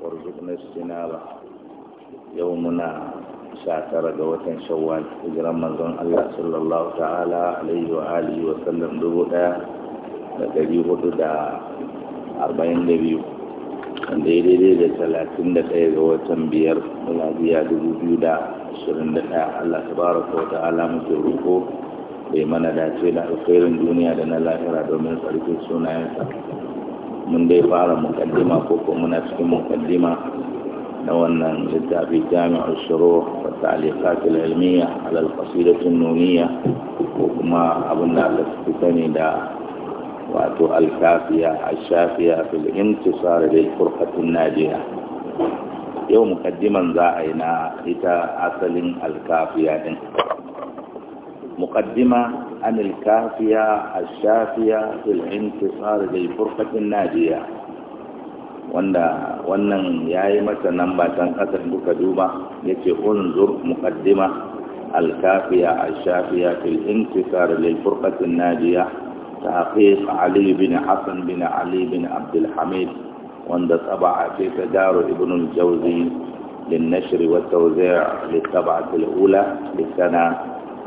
warzuqna istinaba yau muna sha tara ga watan shawwal hijiran manzon Allah sallallahu ta'ala alaihi wa alihi wa sallam dubu daya da dari hudu da arba'in da biyu wanda ya daidai da talatin da ɗaya ga watan biyar miladiya dubu biyu da ashirin da ɗaya Allah tabaraka wa ta'ala muke roƙo bai mana dace da alkhairin duniya da na lahira domin tsarkin sunayensa mun dai fara mukaddima ko ko muna cikin mukaddima na wannan littafi jami'ar shiro wa ta'aliqatul ilmiya ala al-qasidatun nuniyya ko kuma abin da aka fi sani da wato al-kafiya al-shafiya fil intisar lil furqatin najiya yau mukaddiman za a yi na ita asalin al-kafiya din mukaddima عن الكافية الشافية في الانتصار للفرقة الناجية وانا وانا يا ايما تنبا تنقصر بك دوبا يتي انظر مقدمة الكافية الشافية في الانتصار للفرقة الناجية تحقيق علي بن حسن بن علي بن عبد الحميد وانت طبع في تدار ابن الجوزي للنشر والتوزيع للطبعة الأولى للسنة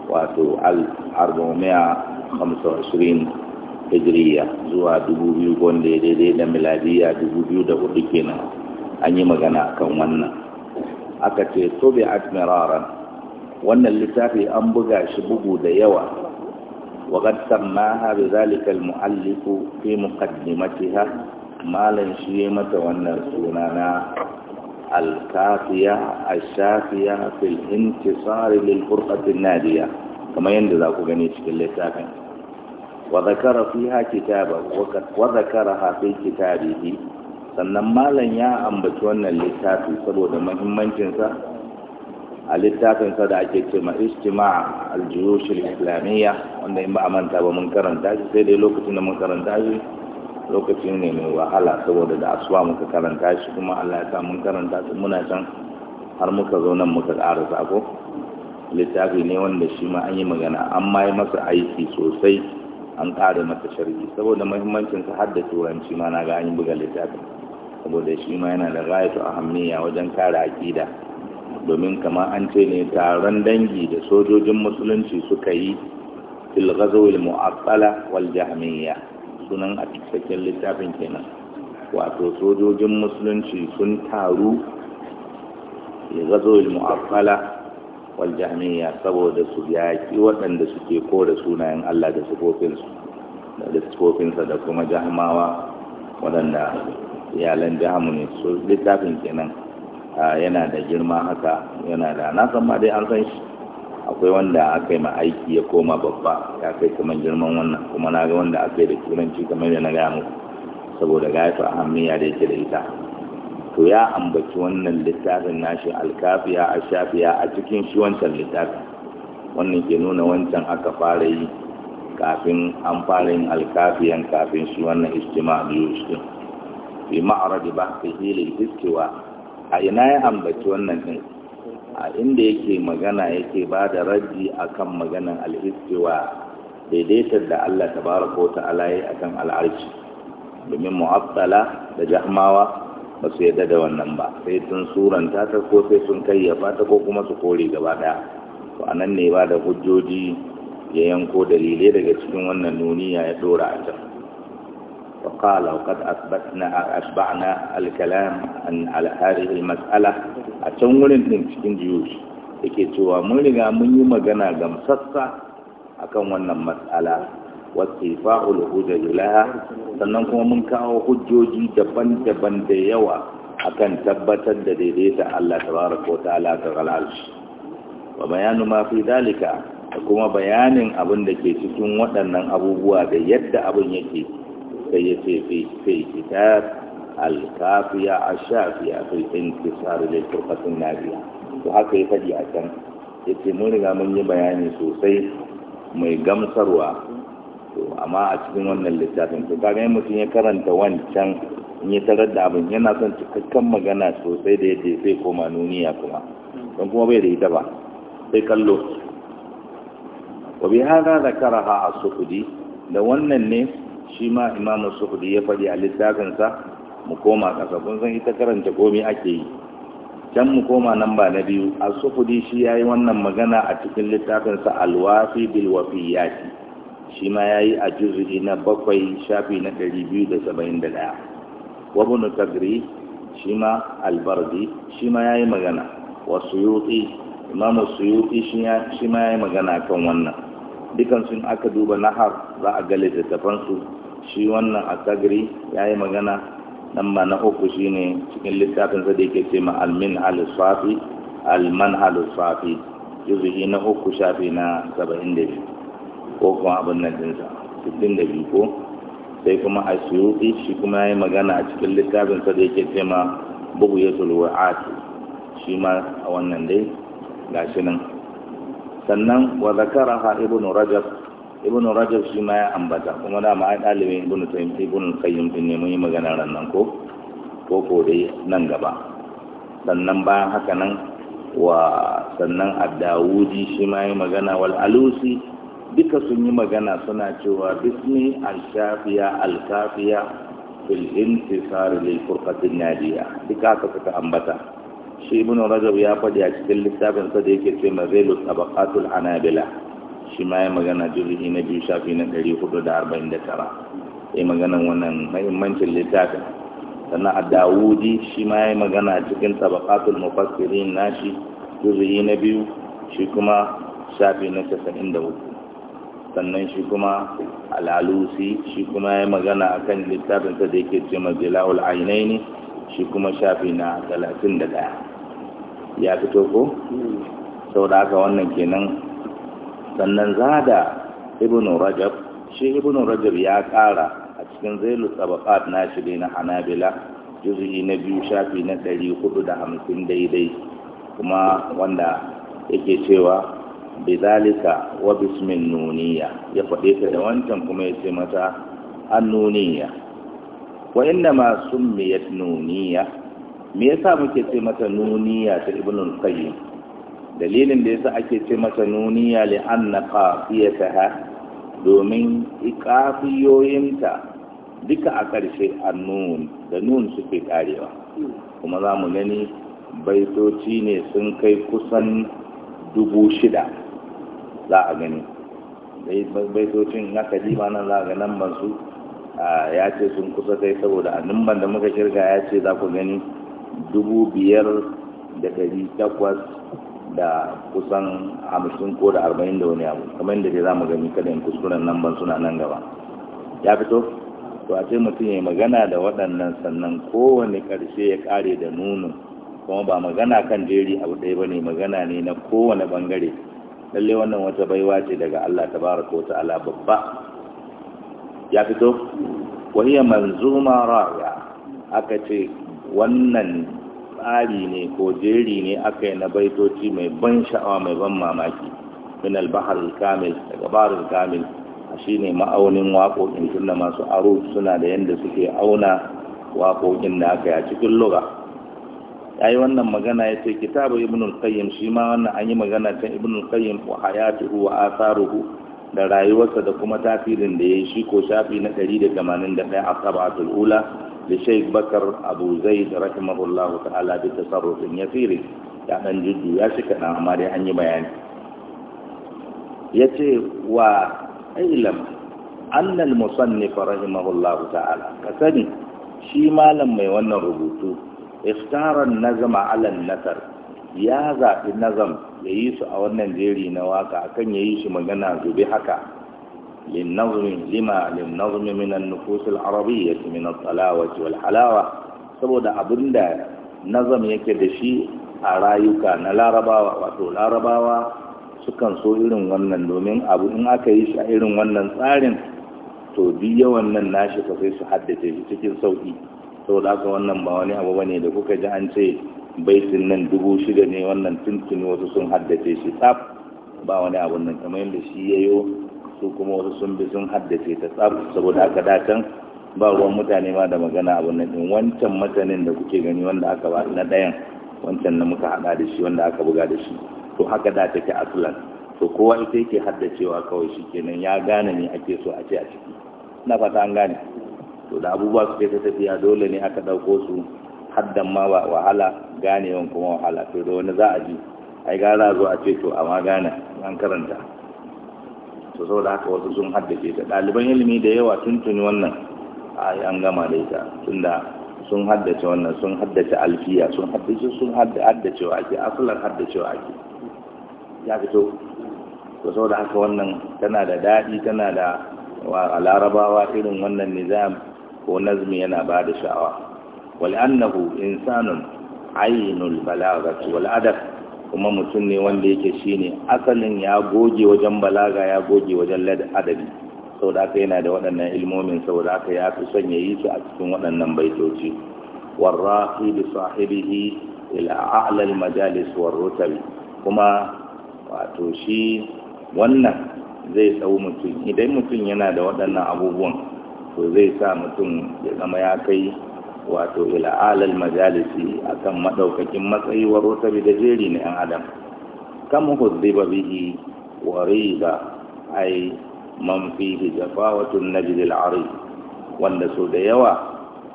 wato al 425 hijriya zuwa 2000 wanda ya daidai da miladiya hudu kenan an yi magana kan wannan aka ce tobe admiraran wannan littafi an buga shi bugu da yawa waɗanda sama haɗe zalikar mu'alliku fi muƙaddimatiha malin shi mata wannan suna na alkafiya shafiya fil intisari lil furqatin nadiya kamar yadda za ku gani cikin littafin wa zakara fiha kitaba wa zakara fi kitabihi sannan malam ya ambaci wannan littafi saboda muhimmancinsa a littafinsa da ake ce ma ijtima' al-juyush al-islamiyya wanda in ba a manta ba mun karanta shi sai dai lokacin da mun karanta shi lokaci ne mai wahala saboda da asuwa muka karanta shi kuma Allah ya sa karanta su muna can har muka zo nan muka ƙara sako littafi ne wanda shi ma an yi magana an ma yi masa aiki sosai an ƙara masa sharhi saboda muhimmancin sa har da turanci ma na ga an yi buga littafi saboda shi ma yana da a ahammiya wajen kare aƙida domin kama an ce ne taron dangi da sojojin musulunci suka yi fil ghazwil mu'attala wal jahmiyya sunan a cikakken littafin kenan wato sojojin musulunci sun taru ya gazo mu'affala wal jami'a saboda su yaƙi waɗanda suke kora sunayen Allah da sifofinsu da sifofinsa da kuma jahmawa waɗanda iyalan jahamu ne su littafin kenan yana da girma haka yana da nasan ma dai an san shi akwai wanda aka yi ma aiki ya koma babba ya kai kamar girman wannan kuma na ga wanda aka yi da turanci kamar da na gaya muku saboda gayatu a hamiya da yake da ita to ya ambaci wannan littafin nashi alkafiya a shafiya a cikin shi wancan littafin wannan ke nuna wancan aka fara yi kafin an fara yin alkafiyan kafin shi wannan istima biyu shi fi da ba ta hili istiwa a ina ya ambaci wannan din a inda yake magana yake ba da a kan maganan al'istiwa daidaitar da Allah ta alaye a akan al'arci domin mu'abbala da jahmawa ba su yadda da wannan ba sai sun suranta ta ko sai sun kayyafa ta ko kuma su kore gaba ɗaya to anan ne ba da hujjoji ya yanko dalilai daga cikin wannan nuniya ya dora a can وقال وقد أثبتنا أشبعنا الكلام عن على هذه المسألة أتنول من cikin jiyush yake cewa mun riga mun yi magana ga gamsassa akan wannan mas'ala wasifa'ul hujaj laha sannan kuma mun kawo hujjoji daban-daban da yawa akan tabbatar da daidaita Allah tabaraka wa ta'ala ta galalshi wa bayanu ma fi dalika da kuma bayanin abin da ke cikin waɗannan abubuwa da yadda abin yake sai ya ce fi fi kitab alkafiya a shafiya fi intisar da turkatun to haka ya faɗi a can ya ce mun riga mun yi bayani sosai mai gamsarwa to amma a cikin wannan littafin to kaga mutum ya karanta wancan in ya tarar da abin yana son cikakken magana sosai da yadda sai koma nuniya kuma don kuma bai da ita ba sai kallo wa bi hada zakaraha as-sukhudi da wannan ne shi ma imamu suhudi ya faɗi a littafinsa mu koma ƙasa kun san ita karanta komi ake yi can mu koma nan ba na biyu a suhudi shi ya yi wannan magana a cikin littafinsa alwafi bilwafi yaki shi ma ya yi a juzuri na bakwai shafi na ɗari biyu da saba'in da ɗaya wabunu tagri shi ma albardi shi ma ya yi magana wa suyuti imamu suyuti shi ma ya yi magana kan wannan sun aka duba nahar za a ga littattafansu shi wannan asagri ya yi magana nan ba na uku shi ne cikin littafin sa da yake ce ma almin alusafi alman alusafi juzuhi na uku shafi na saba'in da biyu ko kuma abin nan dinsa sittin da biyu ko sai kuma a suyuɗi shi kuma ya yi magana a cikin littafin sa da yake ce ma bugu ya sulwa'ati shi ma a wannan dai gashi nan sannan wa zakara ha ibnu rajab ibnu rajab shi ma ya ambata kuma dama ai ɗalibin ibnu tayyib ibnu qayyim din ne mun magana ran ko ko ko dai nan gaba sannan bayan haka nan wa sannan ad-dawudi shi ma yi magana wal alusi duka sun yi magana suna cewa bismi al-shafiya al-kafiya fil intisar lil furqatin nadiya duka haka suka ambata shi ibnu rajab ya faɗi a cikin littafin sa da yake cewa mazailu tabaqatul anabila shi ma ya magana jirgin na biyu shafi na ɗari hudu da arba'in da tara ya magana wannan mahimmancin littafin sannan a dawudi shi ma ya magana cikin tabakatul mufassirin nashi jirgin na biyu shi kuma shafi na casa'in da hudu? sannan shi kuma alalusi shi kuma ya magana a kan littafinsa da yake ce majalawul ainihin shi kuma shafi na talatin da ɗaya ya fito ko hmm. sau da haka wannan kenan sannan zada ibn rajab shi ibn rajab ya ƙara a cikin zailu tabaqat na shi na hanabila juz'i na biyu shafi na ɗari hudu da hamsin daidai kuma wanda yake cewa bizalika wa bismin nuniya ya faɗe ta da wancan kuma ya ce mata An-nuniya, wa inda ma summiyat nuniya me yasa muke ce mata nuniya ta ibn dalilin da yasa ake ce mata nuniya li anna qafiyataha domin iqafiyoyinta duka a ƙarshe annun da nun suke karewa kuma za mu gani baitoci ne sun kai kusan dubu shida za a gani baitocin na kalima nan za a ga nan su ya ce sun kusa kai saboda annumban da muka shirka ya ce za ku gani dubu biyar da dari takwas da kusan hamsin ko da arba'in da wani abu kamar yadda dai za mu gani kada in kuskuren nan ban suna nan gaba ya fito to a ce mutum ya magana da waɗannan sannan kowane ƙarshe ya ƙare da nuno kuma ba magana kan jeri abu ɗaya ba ne magana ne na kowane ɓangare lallai wannan wata baiwa ce daga Allah Ta ko ta ala babba ya fito wa manzuma ra'ya aka ce wannan tsari ne ko jeri ne aka yi na baitoci mai ban sha'awa mai ban mamaki min albahar kamil daga barin kamil a shi ne ma'aunin waƙoƙin tunda masu aro suna da yadda suke auna waƙoƙin da aka yi a cikin lura ya yi wannan magana ya ce kitabu ibn al shi ma wannan an yi magana ta ibn al-qayyim wa hayatuhu wa asaruhu da rayuwarsa da kuma tasirin da ya yi shi ko shafi na ɗaya a sabatul ula da shaikh bakar abu zaid rahimahullahu ta'ala bi tasarrufin yasiri ya dan jiddu ya shi kana amma dai an yi bayani yace wa ilm anna al-musannif rahimahullahu ta'ala ka sani shi malam mai wannan rubutu iftara nazama ala nasar ya zaɓi nazam ya yi su a wannan jeri na waka akan ya yi shi magana zube haka للنظم لما للنظم من النفوس العربية من الطلاوة والحلاوة saboda abin da nazam yake da shi a rayuka na larabawa wato larabawa sukan so irin wannan domin abu in aka yi shi a irin wannan tsarin to duk yawan nan nashi ka su haddace cikin sauki saboda haka wannan ba wani abu da kuka ji an ce baitin nan dubu shida ne wannan tuntuni wasu sun haddace shi tsaf ba wani abun nan kamar yadda shi yayo su kuma wasu sun bi sun haddace ta tsaf saboda aka datan ba ruwan mutane ma da magana abu nan din wancan matanin da kuke gani wanda aka ba na dayan wancan na muka hada da shi wanda aka buga da shi to haka da take aslan to kowa ita yake haddacewa kawai shi kenan ya gane ne ake so a ce a ciki na fata an gane to da abubuwa ke ta tafiya dole ne aka dauko su haddan ma ba wahala ganewan kuma wahala to da wani za a ji ai gara zo a ce to amma gane an karanta to saboda haka wasu sun haddace ta ɗaliban ilimi da yawa tuni wannan an gama da ita tunda sun haddace wannan sun haddace alfiya sun haddace sun wa ake asalar haddacewa ake ya fito to saboda haka wannan tana da daɗi tana da wa larabawa irin wannan nizam ko nazmi yana ba da sha'awa wal annahu insanun ainul balaghati wal adab kuma mutum ne wanda yake shine asalin ya goge wajen balaga ya goge wajen adabi saboda aka yana da waɗannan ilmomin saboda aka ya fi son ya yi su a cikin waɗannan baitoci warrahi bi sahibihi ila a'la al majalis war rutab kuma wato shi wannan zai tsawo mutum idan mutum yana da waɗannan abubuwan to zai sa mutum ya zama ya kai wato ila alal majalisi akan madaukakin matsayi wa bi da jeri na yan adam kam hudiba bihi wa riba ai man fi jafawatun najd al ari wanda so da yawa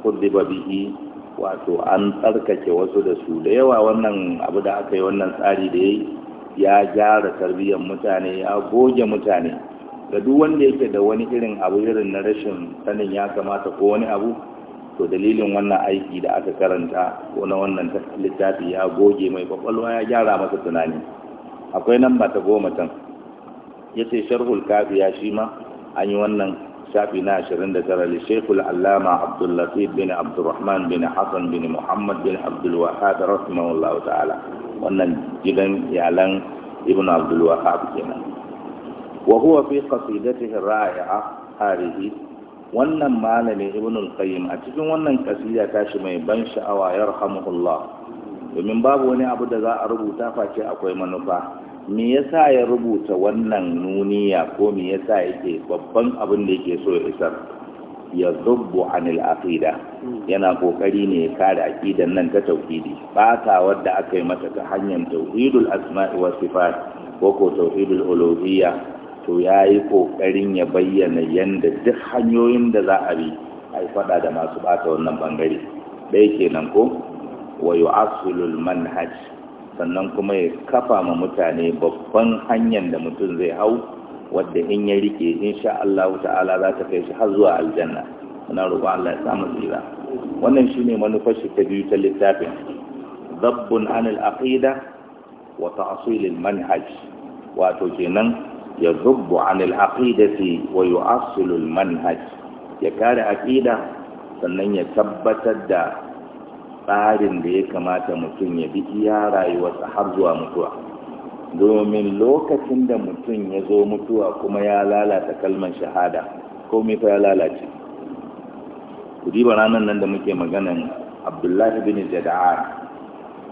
huzziba bihi wato an tsarkake wasu da su da yawa wannan abu da aka yi wannan tsari da yayi ya gyara tarbiyyar mutane ya goge mutane da duk wanda yake da wani irin abu irin na rashin sanin ya kamata ko wani abu to dalilin wannan aiki da aka karanta ko na wannan littafi ya goge mai kwakwalwa ya gyara masa tunani akwai nan ba ta goma can ya ce sharhul kafiya shi ma an yi wannan shafi na tara. li shekul allama abdullatif bin abdurrahman bin hassan bin muhammad bin abdulwahab rahimahullahu ta'ala wannan gidan iyalan ibn abdulwahab kenan wa huwa fi qasidatihi ra'i'a harihi wannan malamin ibn al-qayyim a cikin wannan kasida tashi mai ban sha'awa yarhamuhullah domin babu wani abu da za a rubuta face akwai manufa me yasa ya rubuta wannan nuniya ko me yasa yake babban abin da yake so ya isar ya zubbu anil aqida yana kokari ne ya kare aqidan nan ta tauhidi bata wadda aka yi mata ta hanyar tauhidul asma'i was sifat ko ko tauhidul uluhiyya to ya yi ƙoƙarin ya bayyana yadda duk hanyoyin da za a bi a yi faɗa da masu ɓata wannan ɓangare ɗaya kenan ko wa asulul manhaj sannan kuma ya kafa ma mutane babban hanyar da mutum zai hau wadda in ya rike insha Allah ta'ala za ta kai shi har zuwa aljanna muna roƙon Allah ya samu tsira wannan shine manufar shi ta biyu ta littafin dabbun anil aqida wa ta'sil al manhaj wato kenan Ya يذب عن العقيدة manhaj ya kare عقيدة sannan ya tabbatar da tsarin da ya kamata mutum ya bi iya rayuwarsa har zuwa mutuwa domin lokacin da mutum ya zo mutuwa kuma ya lalata kalmar shahada komai fa ya lalace ku diba ranar nan da muke maganan abdullahi bin jada'a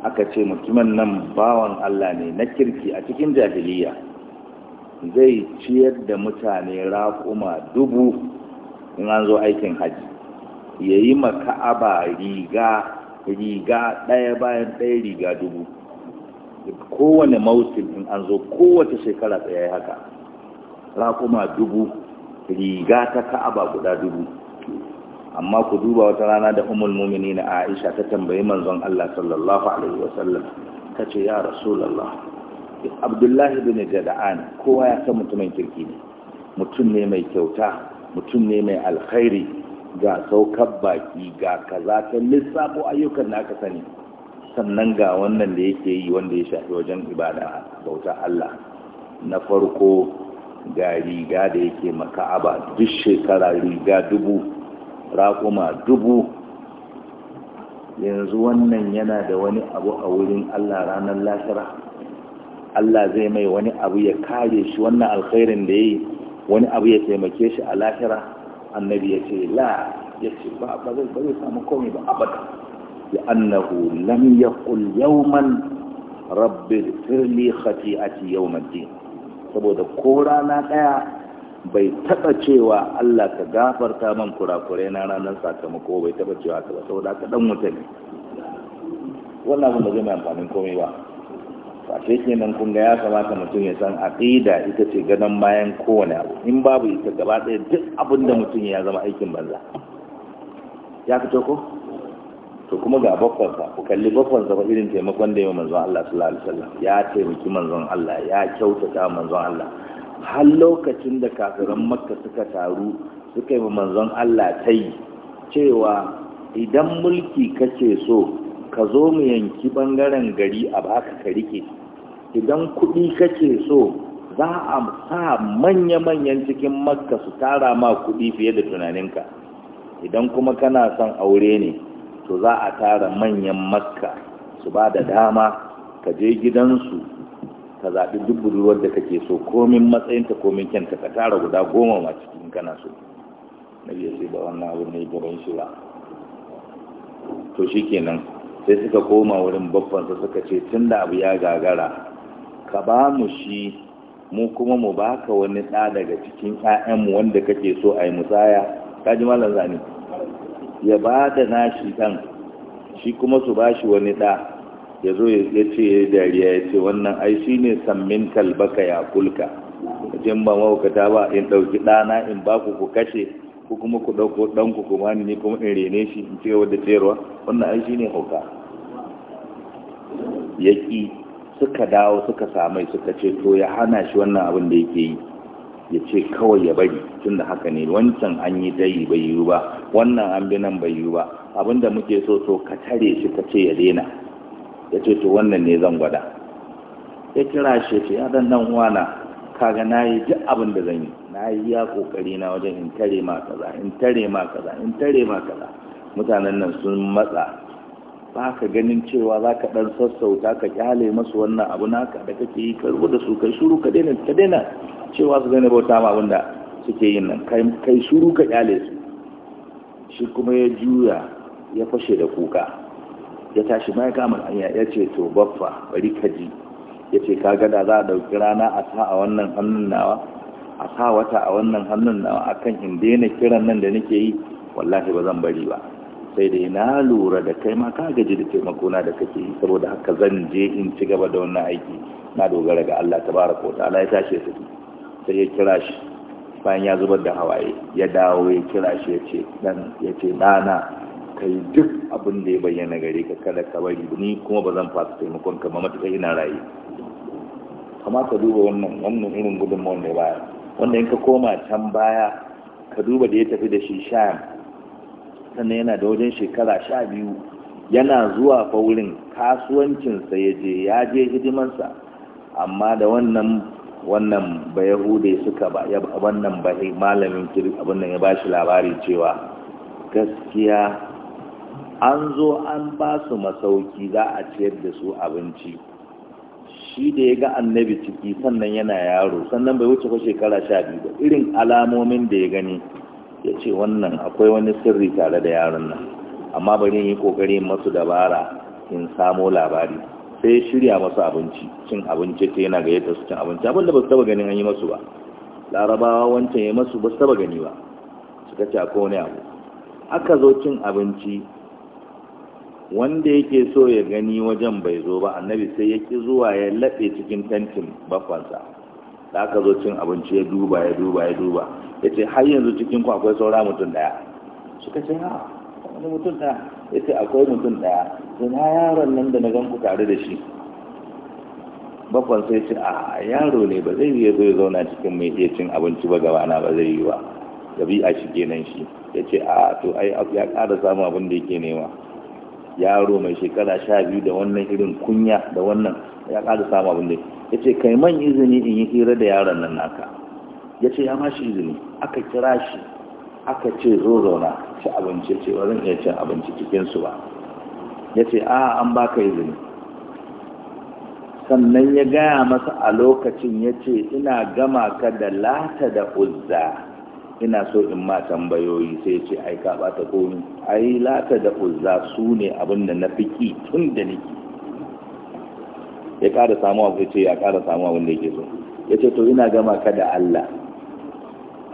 aka ce mutumin nan bawan allah ne na kirki a cikin jahiliya zai ciyar da mutane raƙuma dubu in an zo aikin hajji ya yi maka'aba riga riga ɗaya bayan ɗaya riga dubu kowane mautin in an zo kowace shekara tsaye haka raƙuma dubu riga ta ka'aba guda dubu amma ku duba wata rana da umul mumini na aisha ta tambayi manzon Allah sallallahu alaihi wasallam ta ce ya rasulallah abdullahi bin jada'an kowa ya san mutumin kirki ne mutum ne mai kyauta mutum ne mai alkhairi ga saukar baki ga kaza ta lissafo ayyukan da aka sani sannan ga wannan da yake yi wanda ya shafi wajen ibada bauta Allah na farko ga riga da yake maka'aba duk shekara riga dubu raƙuma dubu yanzu wannan yana da wani abu a wurin Allah ranar lasara Allah zai mai wani abu ya kare shi wannan alkhairin da yayi wani abu ya taimake shi a lahira annabi ya ce la ya ce ba ba zai ba zai samu komai ba abada ya annahu lam yaqul yawman rabbi firli khati'ati yawmad din saboda ko rana daya bai taba cewa Allah ka gafarta man kurakurai na ranar sakamako bai taba cewa ka ba saboda ka dan mutane wannan abin da zai mai amfanin komai ba fashe kenan kun ga ya kamata mutum ya san aqida ita ce ganin bayan kowane abu in babu ita gaba ɗaya duk abin da mutum ya zama aikin banza ya fito ko to kuma ga sa ku kalli bakwansa ba irin taimakon da ya manzon Allah sallallahu alaihi wasallam ya taimaki manzon Allah ya kyautata manzon Allah har lokacin da kafiran makka suka taru suka yi manzon Allah tai cewa idan mulki kake so ka zo mu yanki bangaren gari a baka ka rike idan kuɗi kake so za a sa manya-manyan cikin makka su tara ma kuɗi fiye da tunaninka idan kuma kana son aure ne to za a tara manyan makka su ba da dama ka je gidansu ka zaɓi duk budurwar da kake so komin matsayinta komin kyanta ka tara guda goma ma cikin kana so na biya sai da wannan abu ne gaban shi ba to shi kenan sai suka koma wurin babbansa suka ce tun da abu ya gagara ka ba mu shi mu kuma mu baka wani ɗa daga cikin ƴaƴanmu wanda kake so a yi musaya ka ji malam zani ya ba da nashi ɗan shi kuma su ba shi wani ɗa ya zo ya ce ya dariya ya ce wannan ai shi ne sammin kalbaka ya kulka in ba mahaukata ba in ɗauki ɗana in baku ku kashe ko kuma ku ɗauko ɗanku ku ni ne kuma in rene shi in ci gaba da ciyarwa wannan ai shine hauka yaki suka dawo suka samai suka ce to ya hana shi wannan abin da yake yi ya ce kawai ya bari tun da haka ne wancan an yi dai bai yiwu ba wannan an bi nan bai yiwu ba abin da muke so so ka tare shi ka ce ya daina ya ce to wannan ne zan gwada ya kira shi ya ce ya dan dan uwana kaga na yi duk abin da zan yi na yi kokari na wajen in tare ma kaza in tare ma kaza in tare ma kaza mutanen nan sun matsa ba ka ganin cewa za ka ɗan sassauta ka kyale masu wannan abu naka da kake yi ka rubuta su kai shuru ka daina ka daina cewa su zane bauta ma abinda da suke yin nan kai shuru ka kyale su shi kuma ya juya ya fashe da kuka ya tashi ma ya kama hanya ya ce to baffa bari ka ji ya ce ka gada za a ɗauki rana a sa a wannan hannun nawa a sa wata a wannan hannun na akan in daina kiran nan da nake yi wallahi ba zan bari ba sai dai na lura da kai ma ka gaji da taimako na da kake yi saboda haka zan je in ci gaba da wannan aiki na dogara ga Allah tabaraka wa ta'ala ya tashi su sai ya kira shi bayan ya zubar da hawaye ya dawo ya kira shi ya ce dan ya ce dana kai duk abin da ya bayyana gare ka kada ka bari ni kuma ba zan fasa taimakon ka ba matuƙa ina raye kamata duba wannan wannan irin gudunmawar da baya. wanda in ka koma can baya ka duba da ya tafi da shi sha sannan yana da wajen shekara sha biyu yana zuwa fa wurin kasuwancinsa ya je ya je hidimansa amma da wannan wannan ba yahude suka ba ya wannan ba malamin kiri abin nan ya ba shi labari cewa gaskiya an zo an ba su masauki za a ciyar da su abinci shi da ya ga annabi ciki sannan yana yaro sannan bai wuce ko shekara sha biyu ba irin alamomin da ya gani ya ce wannan akwai wani sirri tare da yaron nan amma bari yi kokari masu dabara in samo labari sai shirya masu abinci cin abinci ta yana gayyata su cin abinci abinda ba su taba ganin an yi masu ba larabawa wancan ya yi masu ba su taba gani ba suka ce akwai wani abu aka zo cin abinci wanda yake so ya gani wajen bai zo ba annabi sai ya ki zuwa ya laɓe cikin tentin bakwansa da aka zo cin abinci ya duba ya duba ya duba ya ce har yanzu cikin ku akwai saura mutum daya suka ce ha ah, wani mutum daya ya ce akwai mutum daya na yaron nan da na gan ku tare da shi bakwan sai ce a ah, yaro ne ba zai yi zai zauna cikin mai iya cin abinci ba gaba na ba zai yi ba gabi a shi kenan shi ya ce a ah, to ai ya ƙara samun abin da yake nema yaro mai shekara sha biyu da wannan irin kunya da wannan ya ƙasa samu abin da ya ce kai man izini in yi hira da yaron nan naka ya ce ya mashi izini aka kira shi aka ce zo zauna ci abinci ce iya cin abinci cikinsu ba ya ce a an baka izini sannan ya gaya masa a lokacin ya ce ina gama ka da lata da uzza ina so in ma tambayoyi sai ce ai ka bata komi ai lata da uzza su ne abin da na fiki tun da niki ya ƙara samu abu ya ce ya ƙara samu abin da yake so ya ce to ina gama ka da Allah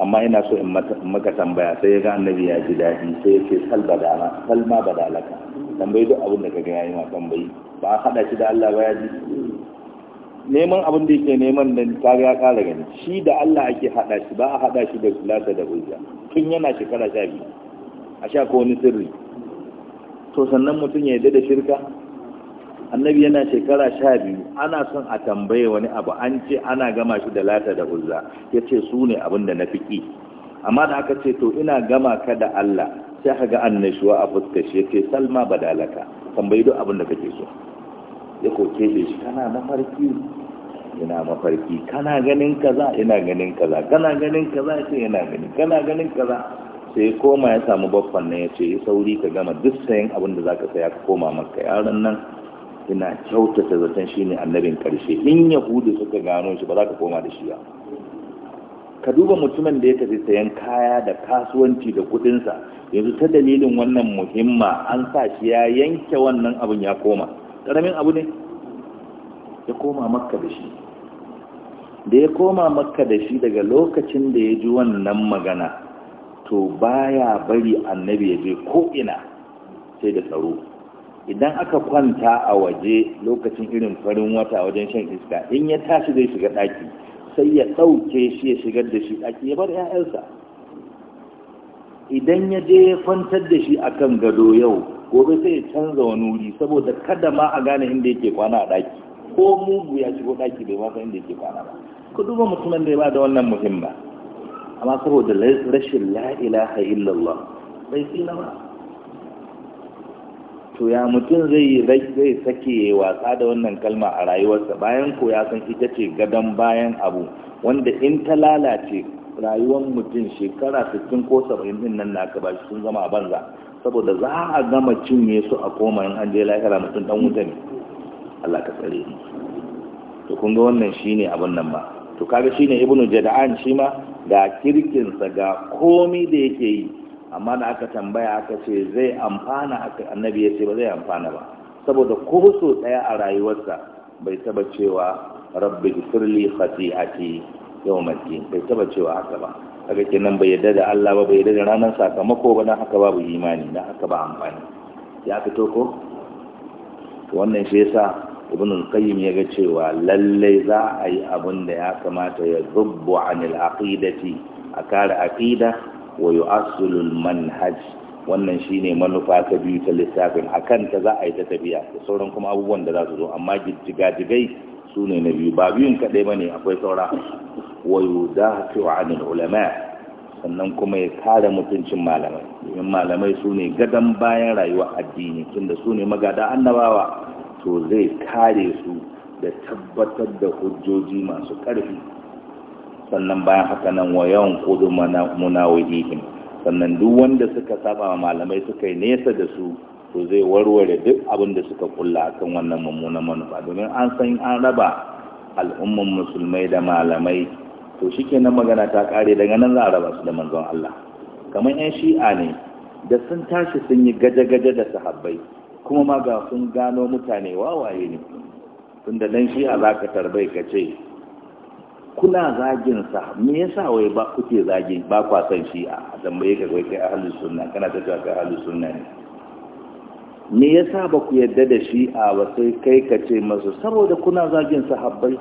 amma ina so in maka tambaya sai ya ga annabi ya ji daɗi sai ya ce sal badala sal tambayi duk abin da ka ga yayi ma tambayi ba haɗa shi da Allah ba ya ji neman abin da yake neman da kaga ya kara gani shi da Allah ake hada shi ba a hada shi da da uzza tun yana shekara sha biyu a sha ko wani sirri to sannan mutum ya yarda da shirka annabi yana shekara sha biyu ana son a tambaye wani abu an ce ana gama shi da lata da uzza ya ce su ne abin da na fiƙi amma da aka ce to ina gama ka da Allah sai ka ga annashuwa a fuskar shi ya ce salma badalaka tambayi duk abin da kake so ya koke shi kana mafarki ina mafarki kana ganin kaza ina ganin kaza kana ganin kaza ce yana gani kana ganin kaza sai ya koma ya samu baffan nan ya ce ya sauri ka gama duk sayan abin da zaka saya ka koma maka yaron nan ina kyautata zaton shine annabin karshe in yahudu suka gano shi ba za ka koma da shi ba ka duba mutumin da ya tafi sayan kaya da kasuwanci da kudinsa yanzu ta dalilin wannan muhimma an sa shi ya yanke wannan abin ya koma karamin abu ne ya koma makka da shi da ya koma makka da shi daga lokacin da ya ji wannan magana to baya bari annabi ya je ko'ina sai da tsaro idan aka kwanta a waje lokacin irin farin wata wajen shan iska in ya tashi zai shiga ɗaki sai ya ɗauke shi ya shigar da shi ɗaki ya bar 'ya'yansa idan ya je ya kwantar da shi akan gado yau gobe sai ya canza wani wuri saboda kada ma a gane inda yake kwana a daki ko mugu ya shigo daki bai masa inda yake kwana ba ku duba mutumin da ya bada wannan muhimma amma saboda rashin la ilaha illallah bai tsina ba to ya mutum zai zai sake wasa da wannan kalma a rayuwarsa bayan ko ya san ita ce gadon bayan abu wanda in ta lalace rayuwar mutum shekara 60 ko 70 din nan naka ba sun zama banza saboda za a gama cinye su a koma in an je lahira mutum dan wuta ne Allah ka tsare ni to kun ga wannan shine abin nan ba to kaga shine ibnu jada'an shi ma ga kirkin sa, ga komai da yake yi amma da aka tambaya aka ce zai amfana aka annabi ya ce ba zai amfana ba saboda ko so daya a rayuwarsa bai taba cewa rabbi firli khati'ati yawmatin bai taba cewa haka ba kaga kenan bai yarda da Allah ba bai yarda da ranar sakamako ba na haka babu imani dan haka ba amfani ya fito ko wannan shi yasa ibn al-qayyim ya ga cewa lalle za a yi abun da ya kamata ya zubbu anil aqidati a kare aqida wa yu'assilu al-manhaj wannan shine manufa ta biyu ta lissafin akan ta za a yi ta tafiya da sauran kuma abubuwan da za su zo amma gijjiga jigai su ne na biyu ba biyun kaɗai ba akwai saura wayo da fi ulama sannan kuma ya kare mutuncin malamai domin malamai su ne gadon bayan rayuwa addini tunda su ne magada annabawa to zai kare su da tabbatar da hujjoji masu ƙarfi sannan bayan haka nan wa yawan kudu munawidihim sannan duk wanda suka saba malamai suka yi nesa da su to zai warware duk abin da suka kulla akan wannan mummunan manufa domin an san an raba al'umman musulmai da malamai to shi ke nan magana ta kare daga nan za a raba su da manzon Allah kamar yan shi'a ne da sun tashi sun yi gaje-gaje da sahabbai kuma ma ga sun gano mutane wawaye ne tunda dan shi'a za ka tarbai ka ce kuna zagin sa me yasa wai ba kuke zagi ba kwa san shi'a dan bai ka kai ahlus sunna kana ta ahlus sunna ne me sa ba ku yadda da shi a ba sai kai ka ce masu saboda kuna zagin sahabbai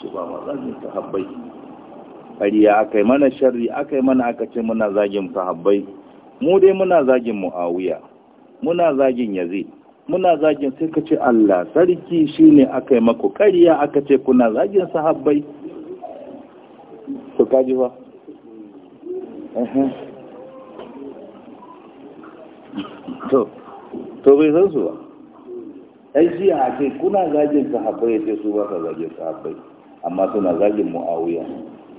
su ba ma zagin sahabbai ƙariya aka yi mana shari aka yi mana aka ce muna zagin sahabbai mu dai muna zagin mu'awiya muna zagin yazi muna zagin sai ka ce Allah sarki shi ne aka yi maku ƙariya aka ce kuna zagin sahabbai to kaji ba to to bai san su ba ai shi a ce kuna zagin sahabbai ya ce su ba ka zagin sahabbai amma suna zagin mu'awiya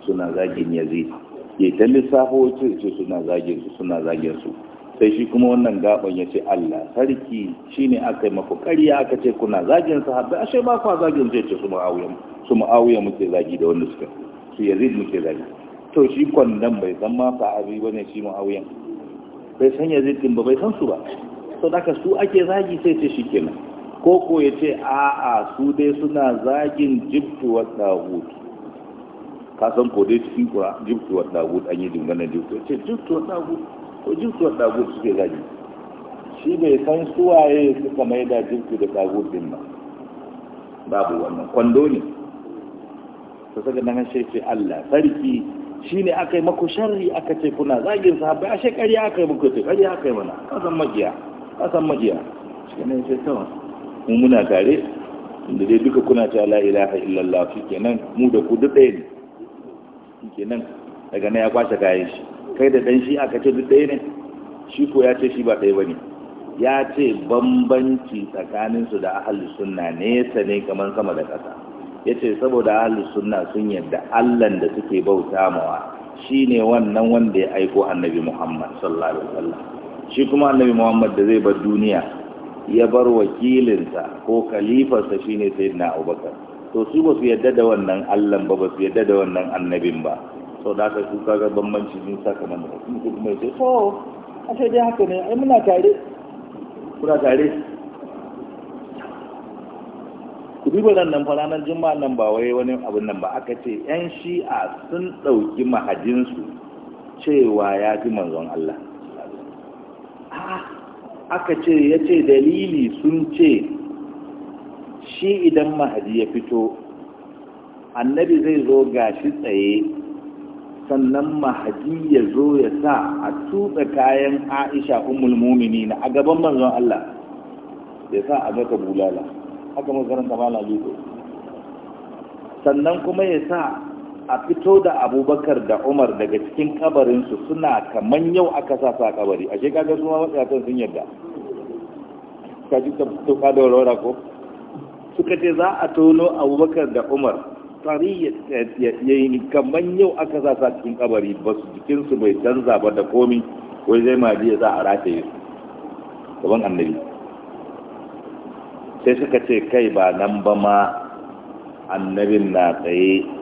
suna zagin yazid ya ta lissafo ce ce suna zagin su suna zagin su sai shi kuma wannan gaban ya ce Allah sarki shine aka yi maku ƙarya aka ce kuna zagin sahabbai ashe ba kwa zagin zai ce su mu'awiya su mu'awiya muke zagi da wani suka su yazid muke zagi to shi kwandon bai san ma sahabi bane shi mu'awiya bai san yazid din ba bai san su ba sadaka su ake zagi sai ce shi kenan ko ko ya ce a'a su dai suna zagin jibtuwar dawud ka san ko dai cikin kuwa jibtuwar dawud an yi dingana jibtuwar ce jibtuwar dawud ko jibtuwar dawud suke zagi shi bai san suwaye suka mai da jibtu da dawud din ba. babu wannan kwando ne ta saka nan shi ce Allah sarki shine aka yi maku sharri aka ce kuna zagin sahabbai a shekari aka yi muku ce kari aka yi mana kazan magiya a san majiya shi ne sai tawa mu muna tare inda dai duka kuna ta la ilaha illallah shi kenan mu da ku duk ɗaya ne shi kenan daga na ya kwashe kayan shi kai da dan shi aka ce duk ɗaya ne shi ko ya ce shi ba ɗaya ba ne ya ce bambanci tsakaninsu da ahli sunna nesa ne kamar sama da ƙasa ya ce saboda ahli sunna sun yadda Allah da suke bauta mawa shine wannan wanda ya aiko annabi muhammad sallallahu alaihi wasallam shi kuma annabi muhammad da zai bar duniya ya bar wakilinsa ko kalifarsa shine na abubakar to su ba su yadda da wannan allan ba ba su yadda da wannan annabin ba sau da aka shuka ga bambanci sun saka mana mutum kuma ce so a sai dai haka ne ai muna tare kuna tare ku duba nan nan fara nan juma'a nan ba wai wani abin nan ba aka ce yan shi'a sun ɗauki mahajinsu cewa ya fi manzon Allah aka ce ya ce dalili sun ce shi idan mahadi ya fito annabi zai zo gashi tsaye sannan mahadi ya zo ya sa a tutsa kayan aisha umul na a gaban manzon Allah ya sa a zaka bulala haka makaranta ba na sannan kuma ya sa a fito da abubakar da umar daga cikin kabarinsu suna kaman yau aka sa sa kabari a shekaga su ma matsayatan sun yadda ka ji tauka da warwara ko suka ce za a tono abubakar da umar tsari ya yi kaman yau aka sa sa cikin kabari ba su jikinsu bai canza ba da komi wai zai ma biya za a rataye su gaban annabi sai suka ce kai ba nan ba ma annabin na tsaye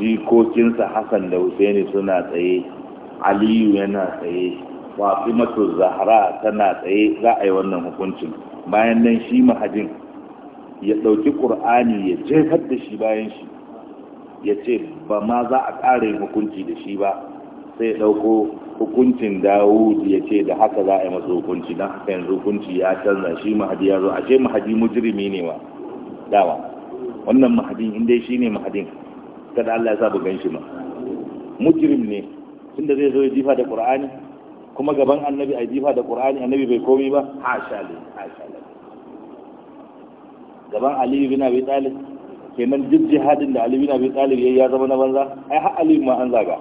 jikokinsa Hassan da Husaini suna tsaye Aliyu yana tsaye Fatimatu Zahra tana tsaye za a yi wannan hukuncin bayan nan shi mahajin ya ɗauki ƙur'ani ya jefar da shi bayan shi ya ce ba ma za a ƙara yin hukunci da shi ba sai dauko ɗauko hukuncin dawud ya ce da haka za a yi masa hukunci don haka yanzu hukunci ya canza shi mahadi ya zo a ce mahadi mujirimi ne wa Dawa wannan mahadin inda shi ne mahadin kada Allah ya sa bugan shi ma mujrim ne tunda zai zo ya jifa da qur'ani kuma gaban annabi a jifa da qur'ani annabi bai komai ba hasha ha sha ne gaban ali bin abi talib kenan duk jihadin da ali bin abi talib yayi ya zama na banza ai har ali ma an zaga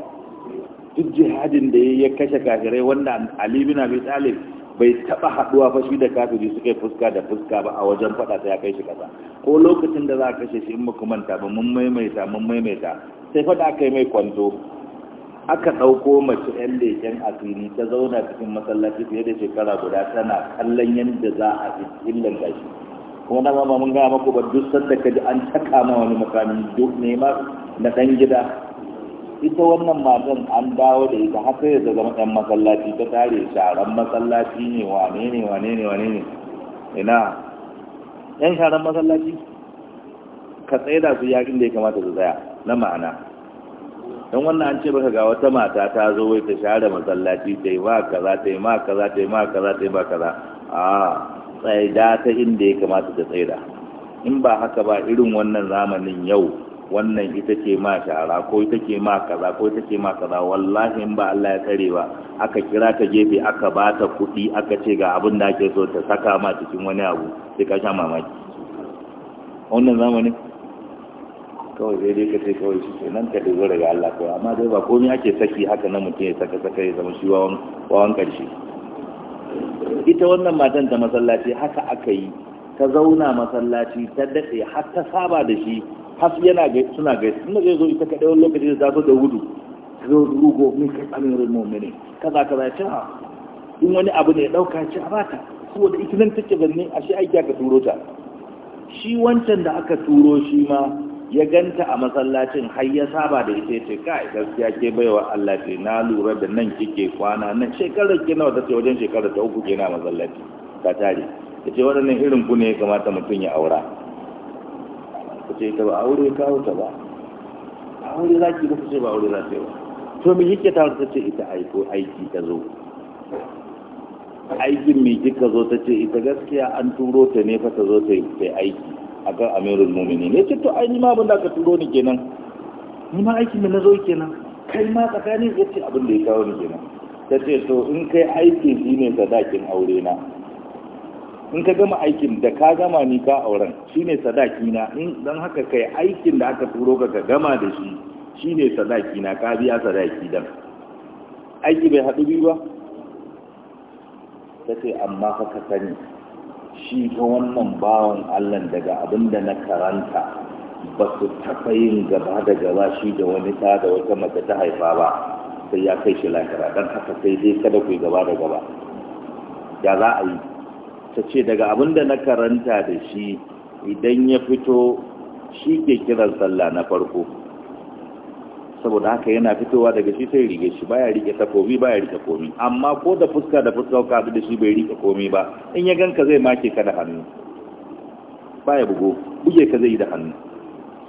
duk jihadin da yayi ya kashe kafirai wanda ali bin abi talib bai taba haduwa fa shi da kafiri suka fuska da fuska ba a wajen fada sai ya kai shi kasa ko lokacin da za a kashe shi in muku manta ba mun maimaita mun maimaita sai faɗa aka yi mai kwanto aka ɗauko mace 'yan leken asiri ta zauna cikin masallaci fiye da shekara guda tana kallon yadda za a illan gashi kuma na mama mun gaya maku ba duk sanda ka ji an taka ma wani makamin duk nema na ɗan gida ita wannan matan an dawo da ita haka ya zama 'yan masallaci ta tare sharan masallaci ne wane ne wane ne wane ne ina yan sharan masallaci ka tsaye da su yakin da ya kamata su tsaya na ma'ana don wannan an ce baka ga wata mata ta zo wai ta share masallaci ta yi ma kaza ta yi ma kaza ta yi ma kaza ta yi ma kaza a tsaida ta inda ya kamata ta tsaida in ba haka ba irin wannan zamanin yau wannan ita ce ma shara ko ita ce ma kaza ko ita ce ma kaza wallahi in ba Allah ya tsare ba aka kira ta gefe aka ba ta kuɗi aka ce ga abin da ake so ta saka ma cikin wani abu sai ka sha mamaki wannan zamanin kawai sai dai ka ce kawai shi nan ka dogara daga Allah kawai amma dai ba komai ake saki haka na mutum ya saka saka ya zama shi wawan karshe ita wannan matan ta masallaci haka aka yi ta zauna masallaci ta daɗe har ta saba da shi has yana ga suna ga suna zai zo ita kaɗai wani lokaci da zafi da gudu zo rugo min kai amin amirin mu'minin kaza kaza ya ce ah, in wani abu ne ya ɗauka ya ce a Ko saboda ita nan take zanne a shi aiki aka turo ta shi wancan da aka turo shi ma ya ganta a masallacin har ya saba da ita ce kai gaskiya ke baiwa Allah ce na lura da nan kike kwana nan shekarar ke nawa ce wajen shekarar ta uku kenan a masallaci ka tare yace waɗannan irin ku ne ya kamata mutum ya aura ku ce ta ba aure kawo ta ba aure za ki ba ce ba aure za ta yi ba to me yake ta ta ce ita aiko aiki ta zo aikin me kika zo ta ce ita gaskiya an turo ta ne fa ta zo ta yi aiki A kan amirul mumini ne ce to ai ni ma abin da aka turo ni kenan ni ma aiki da na zo kenan kai ma tsakanin ya ce abin da ya kawo ni kenan ta ce to in kai aikin shi ne sadakin aure na in ka gama aikin da ka gama ni ka auren shine sadaki na in dan haka kai aikin da aka turo ka ka gama da shi shine sadaki na ka biya sadaki dan aiki bai haɗu biyu ba ta ce amma fa ka sani shi ga wannan bawan Allah daga abin da na karanta ba su taɓa yin gaba da gaba shi da wani ta da wata mace ta haifa ba sai ya kai shi lahira don haka sai dai kada ku yi gaba da gaba ya za a yi ta ce daga abin da na karanta da shi idan ya fito shi ke kiran sallah na farko saboda haka yana fitowa daga shi sai rige shi baya rike takobi baya rike komi amma ko da fuska da fuska ka da shi bai rike komi ba in ya ganka zai make ka da hannu baya bugo buge ka zai da hannu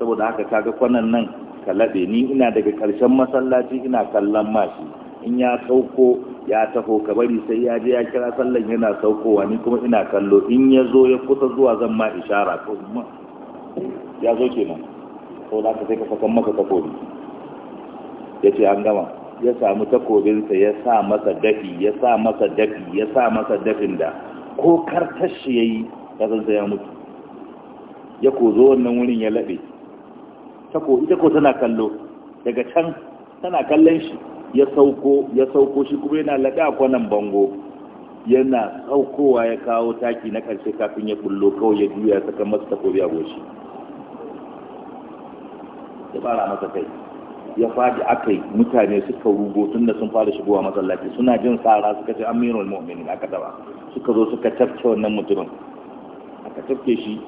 saboda haka kaga kwanan nan ka ni ina daga karshen masallaci ina kallon mashi in ya sauko ya taho ka bari sai ya je ya kira sallan yana saukowa ni kuma ina kallo in ya zo ya kusa zuwa zan ma ishara ko ma ya zo kenan ko da ka sai ka sakan maka takobi ya ce an gama ya samu takobinsa ya sa masa dafi ya sa masa dafi ya sa masa dafin da ko kartashi ya yi ƙasarsa ya mutu ya ko zo wannan wurin ya laɓe ita ko tana kallo daga can tana kallon shi ya sauko ya sauko shi kuma yana laɗa kwanan bango yana saukowa ya kawo taki na ƙarshe kafin ya bullo kawai ya juya saka masa takobi a goshi ya fara masa kai ya faɗi aka yi mutane suka rugo tun da sun fara shigowa masallaci suna jin tsara suka ce amirul mu'minin aka taba suka zo suka tafke wannan mutumin aka tafke shi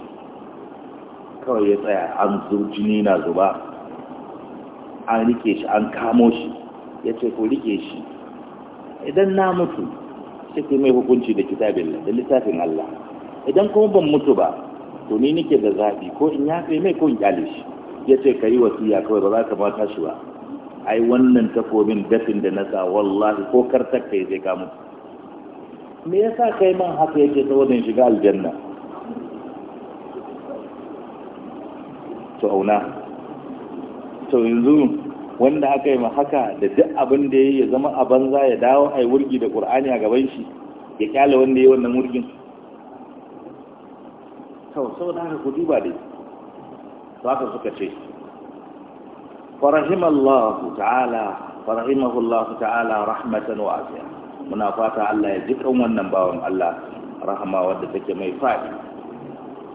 kawai ya tsaya an zo jini na zuba an rike shi an kamo shi ya ce ku rike shi idan na mutu sai ku mai hukunci da kitabin da littafin Allah idan kuma ban mutu ba to ni nake da zaɓi ko in yafe mai ko in kyale shi ya ce ka wasiya kawai ba za ka ba ta ba ai wannan takobin dafin da na sa wallahi ko kartar kai je ka mutu me yasa kai man haka yake saboda shiga aljanna to auna to yanzu wanda aka yi haka da duk abin da ya zama a banza ya dawo a yi wurgi da ƙur'ani a gaban shi ya kyale wanda ya yi wannan wurgin kawai sau da haka ku duba dai su haka suka ce farahimallahu ta'ala Allah ta'ala rahmatan wa wasi'a muna fata Allah ya ji kan wannan bawan Allah rahama wadda take mai fadi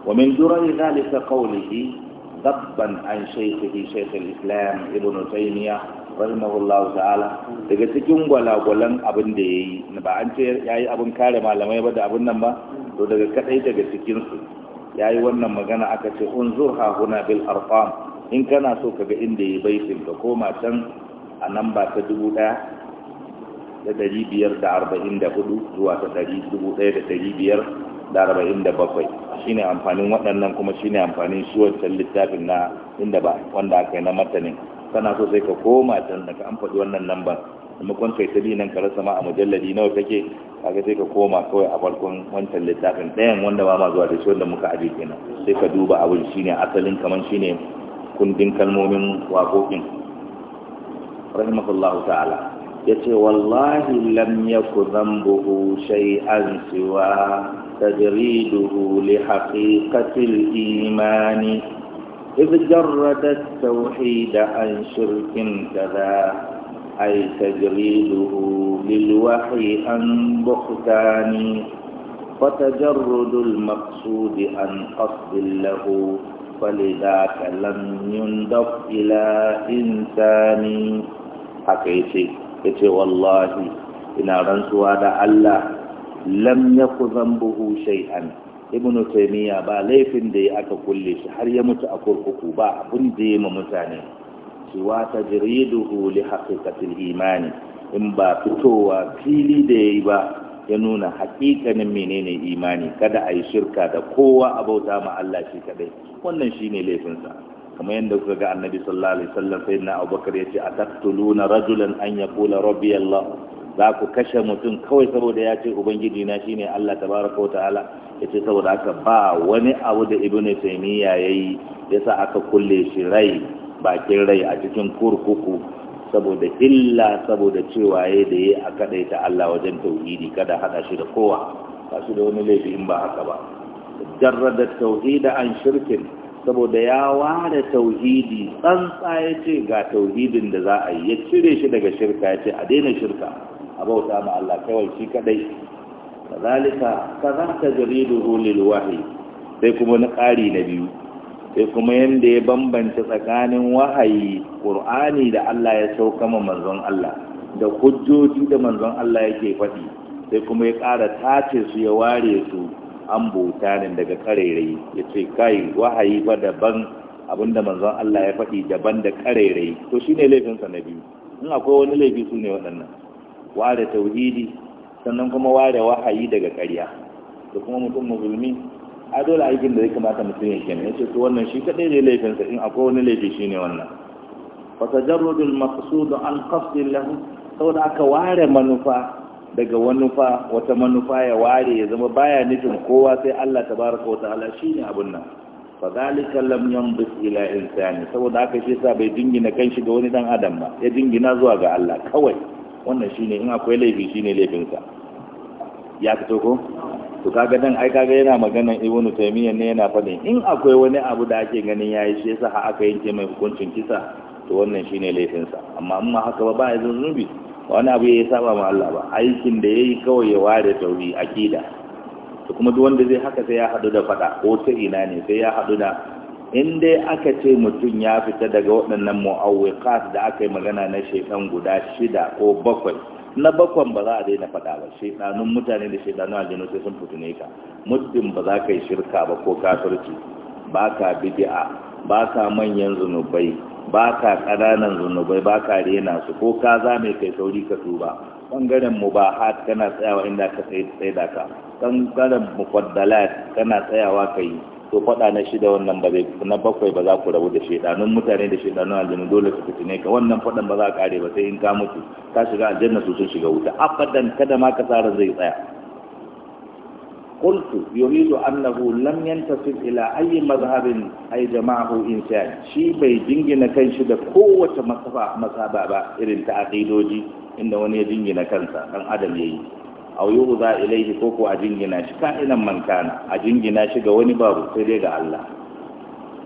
wa min durai zalika qawlihi sabban an شيخ الاسلام ابن ibn رحمه الله تعالى daga cikin gwalagwalan abin da yayi ba an ce yayi abin kare malamai ba da abin nan ba to daga kadai daga cikin su yayi wannan magana aka ce unzur ha huna bil arqam in kana so kaga inda yayi baitin ka koma can a namba ta dubu daya da dari biyar da arba'in da hudu zuwa ta dari dubu daya da dari biyar da arba'in da bakwai shine amfanin waɗannan kuma shine amfanin shi wancan littafin na inda ba wanda aka yi na martanin kana so sai ka koma can daga an faɗi wannan lambar makon kai ta nan ka rasa ma a mujalladi nawa kake kaga sai ka koma kawai a farkon wancan littafin ɗayan wanda ba ma zuwa da shi wanda muka aje kenan sai ka duba abin shine asalin kaman shine kundin kalmomin waƙoƙin rahimahullahu ta'ala ya ce wallahi lam yaku zambuhu shay'an siwa تجريده لحقيقة الإيمان إذ جرد التوحيد عن شرك كذا أي تجريده للوحي عن بختان وتجرد المقصود عن قصد له فلذاك لم يندف إلى إنسان حقيقي إتي والله إن رنسوا هذا الله lam yaku zambuhu shay'an ibn taymiya ba laifin da ya aka kulle shi har ya mutu a kurkuku ba abun da ya ma mutane siwa tajriduhu li haqiqatil imani in ba fitowa fili da yayi ba ya nuna haƙiƙanin menene imani kada a yi shirka da kowa a bauta ma Allah shi kadai wannan shine laifinsa kamar yadda kuka ga annabi sallallahu alaihi wasallam sayyidina abubakar yace ataktuluna rajulan an yaqula rabbi Allah za ku kashe mutum kawai saboda ya ce ubangiji na shine Allah tabaraka wa ta'ala yace saboda haka ba wani abu da ibnu taymiya yayi yasa aka kulle shi rai bakin rai a cikin kurkuku saboda illa saboda cewa yayi da yayi a ta Allah wajen tauhidi kada hada shi da kowa ba shi da wani laifi in ba haka ba jarrada tauhida an shirkin saboda ya ware tauhidi tsantsa ya ce ga tauhidin da za a yi ya cire shi daga shirka ya ce a daina shirka a bauta ma Allah kawai shi kadai kazalika ta jaridu lil wahyi sai kuma na ƙari na biyu sai kuma yanda ya bambanta tsakanin wahayi qur'ani da Allah ya sauka ma manzon Allah da hujjoji da manzon Allah yake faɗi sai kuma ya ƙara tace su ya ware su an bautanin daga karerai ya ce kai wahayi fa daban abinda manzon Allah ya faɗi daban da karerai to shine laifinsa na biyu in akwai wani laifi su ne waɗannan ware tauhidi sannan kuma ware wahayi daga ƙarya da kuma mutum musulmi a dole aikin da zai kamata mutum ya kenan ce to wannan shi kaɗai ne laifinsa in akwai wani laifi ne wannan fa tajarrudu al-maqsud an lahu saboda aka ware manufa daga manufa wata manufa ya ware ya zama baya nufin kowa sai Allah tabaraka wa ta'ala shine abun nan fa lam yanbis ila insani saboda aka shi sa bai dingina kanshi ga wani dan adam ba ya dingina zuwa ga Allah kawai wannan shine in akwai laifi shine laifinsa ya fito ko to kaga dan ai kaga yana maganan Ibn taymiyyah ne yana fadin in akwai wani abu da ake ganin yayi shi yasa har aka yanke mai hukuncin kisa to wannan shine laifinsa amma in ma haka ba ba ya zunubi wani abu yayi saba ma Allah ba aikin da yayi kawai ya ware tauri akida to kuma duk wanda zai haka sai ya hadu da fada ko ta ina ne sai ya hadu da in dai aka ce mutum ya fita daga waɗannan kas da aka yi magana na shaitan guda shida ko bakwai na bakwan ba za a daina faɗa ba shaitanun mutane da shaitanun aljanu sai sun fito ne ka muddin ba za ka yi shirka ba ko kafirci ba ka bid'a ba ka manyan zunubai ba ka ƙananan zunubai ba ka rena su ko ka mai kai sauri ka tuba ba, mubahat kana tsayawa inda ka tsaye da ka mu kwaddala kana tsayawa ka yi to faɗa na shida wannan ba zai na bakwai ba za ku rabu da shaidanun mutane da shaidanun aljanu dole su fitine ka wannan faɗan ba za a kare ba sai in ka mutu ka shiga aljanna su sun shiga wuta abadan kada ma ka tsara zai tsaya qultu yuridu annahu lam yantasib ila ayi mazhabin ay jama'ahu insan shi bai jingina kanshi da kowace masaba masaba ba irin ta aqidoji inda wani ya jingina kansa dan adam yayi aw yuza ilayhi ko ko a jingina shi kainan mankana a jingina shi ga wani babu sai dai ga Allah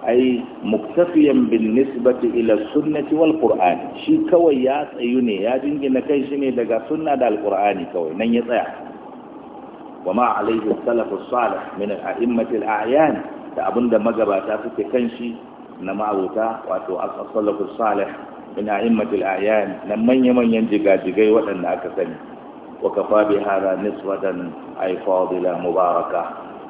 ai muktafiyan bin nisbati ila sunnati wal qur'an shi kawai ya tsayu ne ya jingina kai shi ne daga sunna da alqur'ani kawai nan ya tsaya wa ma alaihi salafu salih min al-a'immati al-a'yan da abinda magabata suke kan shi na ma'abuta wato as-salafu salih min a'immati al-a'yan na manya-manyan jigajigai waɗanda aka sani Ku ka faɓi har anes waɗannan, a ba wa ka.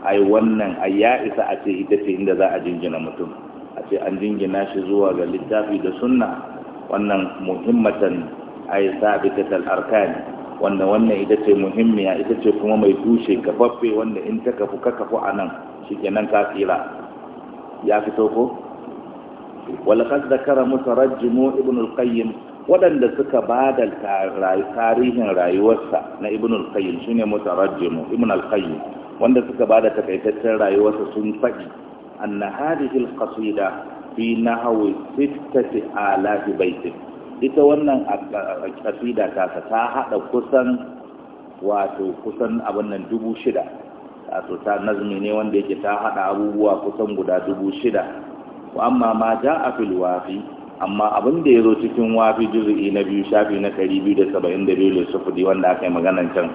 Ai wannan, a ya isa a ce idan inda za a jingina mutum. ace an jingina shi zuwa ga littafi da sunna. Wannan muhimmanci ne a yi sabbin Wannan wannan idan ce muhimmiya ita ce kuma mai tushe kafaffe, wanda in kaka ko a nan shi ke nan ta Ya fito ko? Wal har da ƙaramar ta rajimu, Ibn waɗanda suka ba da tarihin rayuwarsa na ibn al-qayyim shine mutarajjimu ibn al-qayyim wanda suka ba da takaitaccen rayuwarsa sun faɗi anna hadhihi al-qasida fi nahwi sittati alaf bayt ita wannan qasida ta ta hada kusan wato kusan abin nan dubu shida wato ta nazmi ne wanda yake ta hada abubuwa kusan guda dubu shida wa amma ma ja'a fil wafi amma abin da ya zo cikin wafi juzu'i na biyu shafi na biyu da saba'in da da biyu sufudi wanda aka yi maganan can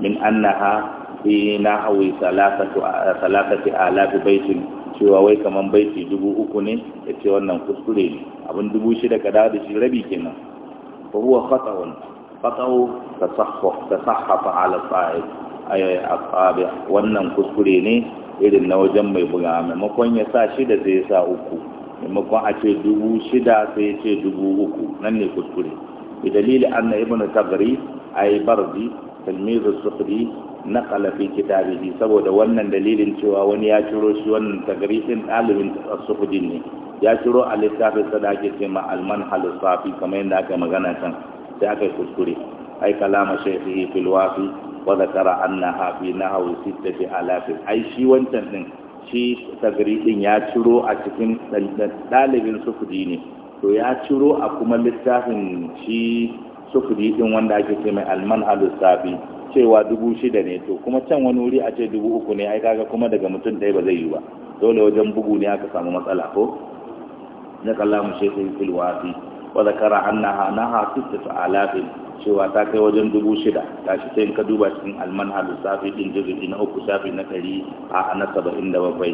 min ha fi na hawi salatati lafi baitin cewa wai kaman baiti dubu uku ne ya ce wannan kuskure ne abin dubu shida ka dawo da shi rabi kenan fa huwa khata'un khata'u tasahhafa ala sa'id ay aqabi wannan kuskure ne irin na wajen mai buga maimakon ya sa shida sai ya sa uku maimakon a ce dubu shida sai ya ce dubu uku nan ne kuskure bi dalili anna ibnu tabari ay bardi talmizu sukhri naqala fi kitabihi saboda wannan dalilin cewa wani ya ciro shi wannan tagrisin dalibin sukhri ne ya ciro a littafin sadaki ce ma almanhal safi kamar yadda aka magana ta sai aka kuskure ai kalama shaykhihi fil wafi wa zakara na fi nahwi sittati alaf ai shi wancan din shi sagari ya ciro a cikin ɗalibin sufuri ne to ya ciro a kuma littafin shi sufudi din wanda ake ce mai alman lissafi cewa dubu shida ne to kuma can wani wuri a ce dubu uku ne ai kaga kuma daga mutum ɗaya ba zai yi ba dole wajen bugu ne aka samu matsala ko na kallamu shekaru filwafi wa zakara annaha naha sittatu alafin cewa ta kai wajen dubu shida ta shi sai ka duba cikin alman safi din jirgi na uku shafi na ɗari a na saba'in da bakwai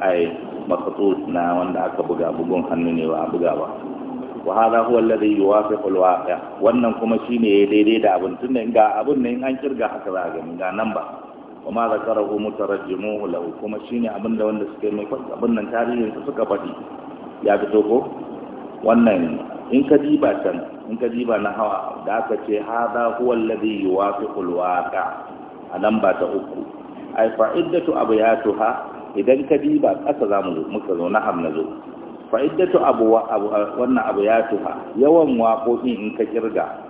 ai makatu na wanda aka buga bugun hannu ne ba a buga ba wa hada huwa alladhi yuwafiqu alwaqi'a wannan kuma shine ya daidai da tun da ga abin nan an kirga haka za ga ga nan ba wa ma zakarahu mutarajjimuhu lahu kuma shine abin da wanda suke mai abin nan tarihin su suka faɗi ya fito ko wannan in ka diba can in ka diba na hawa da aka ce hadha huwa alladhi yuwafiqu alwaqa a nan ba ta uku ai fa'iddatu abyatuha idan ka diba kasa zamu zo muka zo na hamna zo fa'iddatu abu wannan abyatuha yawan waƙoƙin in ka kirga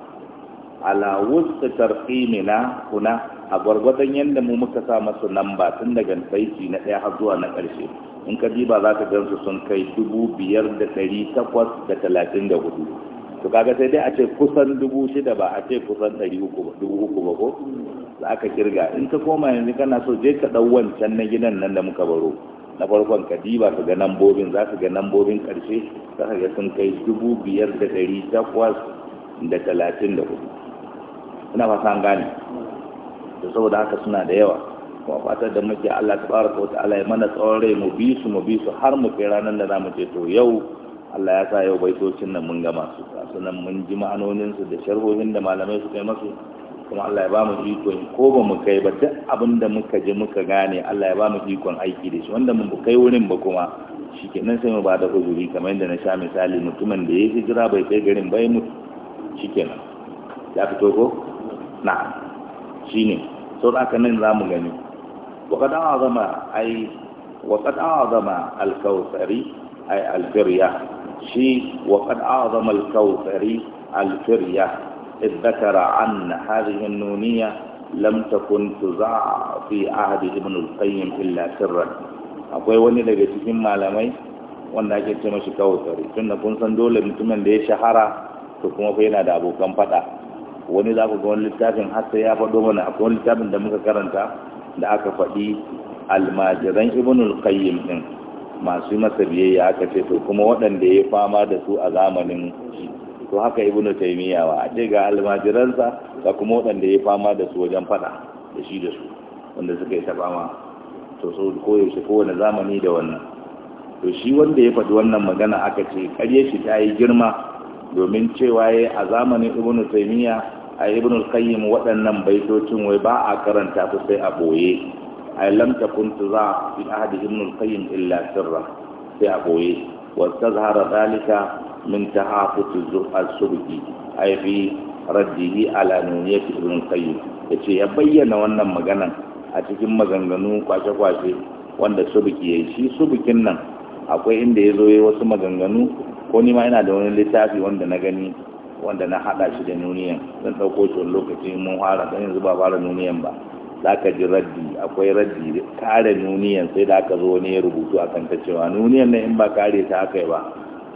ala ne na kuna a gwargwadon yadda mu muka sa masu lamba tun daga baiti na ɗaya har zuwa na ƙarshe in ka diba za ka gansu sun kai dubu biyar da ɗari takwas da talatin da hudu to kaga sai dai a ce kusan dubu shida ba a ce kusan ɗari dubu uku ba ko za ka kirga in ka koma yanzu kana so je ka ɗau wancan na gidan nan da muka baro na farkon ka diba ka ga nambobin za ka ga nambobin ƙarshe za ka ga sun kai dubu biyar da ɗari takwas da talatin da hudu ina fata an gane da saboda haka suna da yawa kuma fatar da muke Allah ta baraka wata Allah ya mana tsawon rai mu bi su mu bi su har mu kai ranar da zamu ce to yau Allah ya sa yau baitocin nan mun gama su sunan mun ji ma'anonin su da sharhohin da malamai su kai masu kuma Allah ya ba mu ikon ko ba mu kai ba duk abin da muka je muka gane Allah ya ba mu ikon aiki da shi wanda mun kai wurin ba kuma shikenan sai mu ba da huzuri kamar yadda na sha misali mutumin da ya hijira bai kai garin bai mu shikenan ya fito ko نعم شيني سورة كنين رامو غني وقد أعظم أي وقد أعظم الكوثري أي الفرية شي وقد أعظم الكوثري الفرية إذ ذكر أن هذه النونية لم تكن تزع في عهد ابن القيم إلا سرا أقول وني لك تكين مالامي wanda ake ce mashi kawo tsari tun da kun san dole mutumin da ya shahara wani za ku ga wani littafin hasa ya faɗo mana a wani littafin da muka karanta da aka faɗi almajiran ibnul qayyim din masu masa biyayya aka ce to kuma waɗanda ya fama da su a zamanin to haka ibnu taymiya wa a ce ga almajiransa da kuma waɗanda ya fama da su wajen faɗa da shi da su wanda suka yi ta fama to so ko koyaushe kowane zamani da wannan to shi wanda ya faɗi wannan magana aka ce karye shi ta yi girma domin cewa ya a zamanin ibnu taymiya a ibn al-qayyim waɗannan baitocin wai ba a karanta su sai a boye ay lam takun tuza fi ahadi ibn al-qayyim illa sirra sai a boye wa tazhara dalika min tahafut az-subki ay bi raddihi ala nuniyat ibn al-qayyim yace ya bayyana wannan magana a cikin maganganu kwashe-kwashe wanda subki yayi shi subkin nan akwai inda ya zo yayi wasu maganganu ko ni ma ina da wani littafi wanda na gani wanda na hada shi da nuniyan zan dauko shi wani lokaci mun fara dan yanzu ba fara nuniyan ba za ka ji raddi akwai raddi kare nuniyan sai da aka zo ne ya rubutu a kan ta cewa nuniyan na in ba kare ta aka ba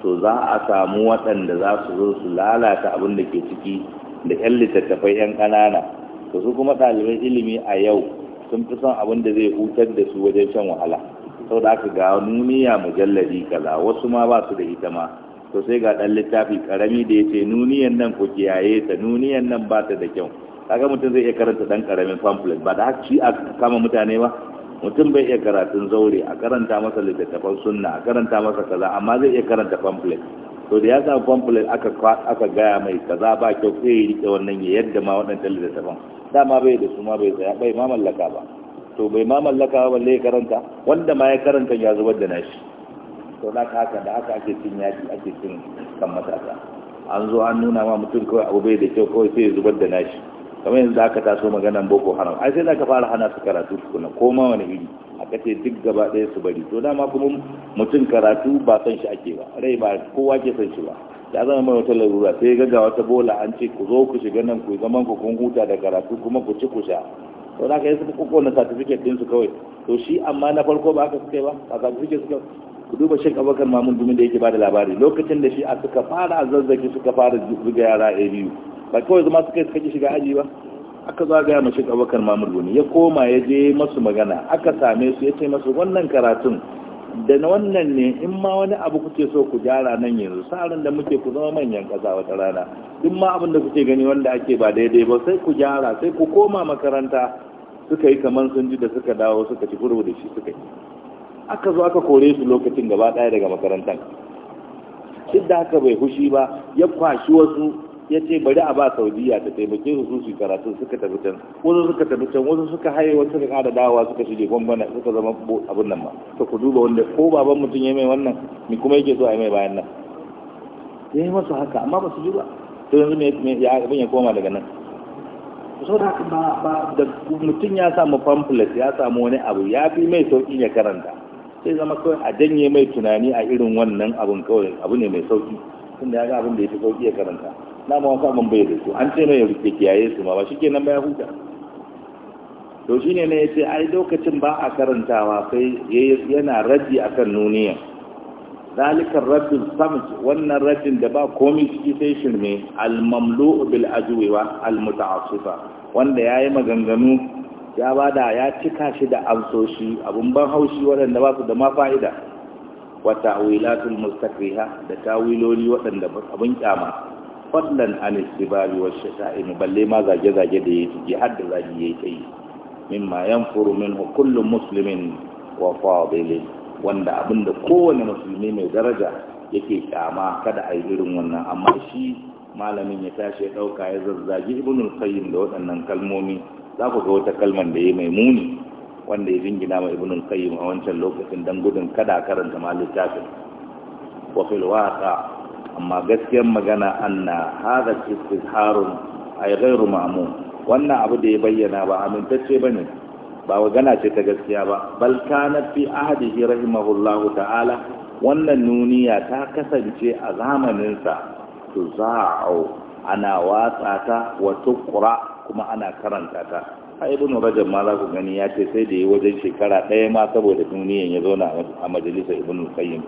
to za a samu waɗanda za su zo su lalata abin da ke ciki da 'yan littattafai 'yan ƙanana to su kuma ɗaliban ilimi a yau sun fi son abin da zai hutar da su wajen shan wahala saboda aka ga nuniya mujalladi kaza wasu ma ba su da ita ma to sai ga ɗan littafi karami da ya ce nuniyan nan ku kiyaye ta nuniyan nan ba ta da kyau kaga mutum zai iya karanta dan karamin pamphlet ba da haka a kama mutane ba mutum bai iya karatun zaure a karanta masa littattafan sunna a karanta masa kaza amma zai iya karanta pamphlet to da ya samu pamphlet aka aka gaya mai kaza ba kyau sai ya rike wannan ya yadda ma waɗannan littattafan dama bai da su ma bai tsaya bai ma ba to bai ma ba balle ya karanta wanda ma ya karanta ya zubar da nashi sau da haka da haka ake cin yaji ake cin kan matasa an zo an nuna ma mutum kawai abu bai da kyau kawai sai ya zubar da nashi kamar yanzu aka taso magana boko haram ai sai da ka fara hana su karatu tukuna ko ma wani iri a kace duk gaba ɗaya su bari to dama kuma mutum karatu ba san shi ake ba rai ba kowa ke san shi ba ya zama mai wata ruwa sai ga wata bola an ce ku zo ku shiga nan ku zaman ku kun huta da karatu kuma ku ci ku sha to da ka yi suka kokona certificate din su kawai to shi amma na farko ba aka suka yi ba a certificate suka ku duba shek abubakar mamun dumin da yake ba da labari lokacin da shi a suka fara a zazzaki suka fara zuga yara a biyu ba kawai zama suka yi suka shiga aji ba aka zo gaya mashi abubakar mamun dumi ya koma ya je masu magana aka same su ya ce masu wannan karatun da na wannan ne in ma wani abu kuke so ku gyara nan yanzu sa'arin da muke ku zama manyan ƙasa wata rana in ma abin da kuke gani wanda ake ba daidai ba sai ku gyara sai ku koma makaranta suka yi kamar sun ji da suka dawo suka ci furu da shi suka yi aka zo aka kore su lokacin gaba ɗaya daga makarantar duk da haka bai hushi ba ya kwashi wasu ya ce bari a ba saudiya ta taimake su su karatu suka tafi can wasu suka tafi can wasu suka haye wasu suka kada dawa suka shige gwangwana suka zama abin nan ba ta ku duba wanda ko baban mutum ya mai wannan ni kuma yake so a mai bayan nan ya yi masu haka amma ba su ji ba ta yanzu me ya abin ya koma daga nan so da ba mutum ya samu pamphlet ya samu wani abu ya fi mai sauƙi ya karanta sai zama kawai a janye mai tunani a irin wannan abun kawai abu ne mai sauki tunda ya ga abin da ya fi sauki ya karanta na ma wasu abin bai da su an ce mai ya kiyaye su ma ba shi kenan ba ya huta to shi ne na ya ce ai lokacin ba a karantawa sai yana rabi a kan nuniyan zalikar rabin samt wannan rabin da ba komi ciki sai shirme almamlu bil ajuwewa almuta'assifa wanda ya yi maganganu ya bada ya cika shi da amsoshi abun ban haushi waɗanda ba su da ma fa'ida wa ta'wilatul mustaqriha da tawiloli waɗanda abun kyama fadlan an istibari wa shata'im balle ma zage zage da yake ji har da zage min ma yan furu min hukullun muslimin wa fadilin wanda abin da kowane musulmi mai daraja yake kyama kada a yi irin wannan amma shi malamin ya tashi ya ɗauka ya zazzage ibnul qayyim da waɗannan kalmomi za ku ga wata kalmar da ya mai muni wanda ya jingina mai binin kai a wancan lokacin don gudun kada karanta ma littafin wa fil amma gaskiyar magana cikin harun a yi gairu ma'mum wannan abu da ya bayyana ba amintacce ba ne. ba wa gana ce ta gaskiya ba bal na fi ahdihi rahimahullahu ta'ala wannan nuniya ta kasance a zamaninsa tuza'u ana watsa ta wa tukura. kuma ana karanta ta a ibn rajab ma za ku gani ya ce sai da yi wajen shekara ɗaya ma saboda duniyan ya zauna a majalisar ibn qayyim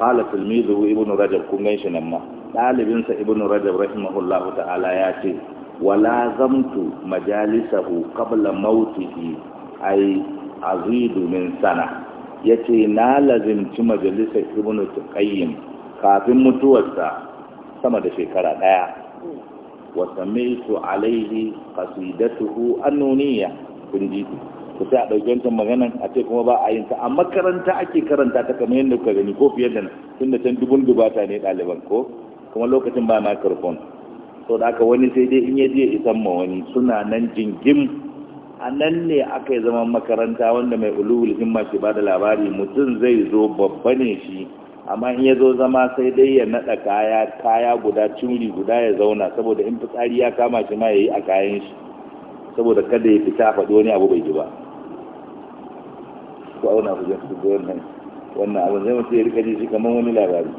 qala tilmizu ibn rajab kun gan shi nan ma ɗalibinsa ibn rajab rahimahullahu ta'ala ya ce wala zamtu majalisahu qabla mautihi ai azidu min sana yace na lazimci majalisar ibn qayyim kafin mutuwarsa sama da shekara ɗaya وسمعت عليه قصيدته النونية كنجي ku sai a ɗauki magana maganan a ce kuma ba a yin ta a makaranta ake karanta ta kamar yadda kuka gani ko fiye da nan tunda can dubun dubata ne ɗaliban ko kuma lokacin ba microphone so da aka wani sai dai in ya je isan ma wani suna nan jingim a nan ne aka yi zaman makaranta wanda mai ulul himma ke ba da labari mutum zai zo babba ne shi amma in ya zo zama sai dai ya naɗa kaya kaya guda curi guda ya zauna saboda in fitsari ya kama shi ma ya yi a kayan shi saboda kada ya fita faɗi wani abu bai ji ba ko auna ku jan shigo wannan wannan abin zai mutu ya rika ji shi kamar wani labari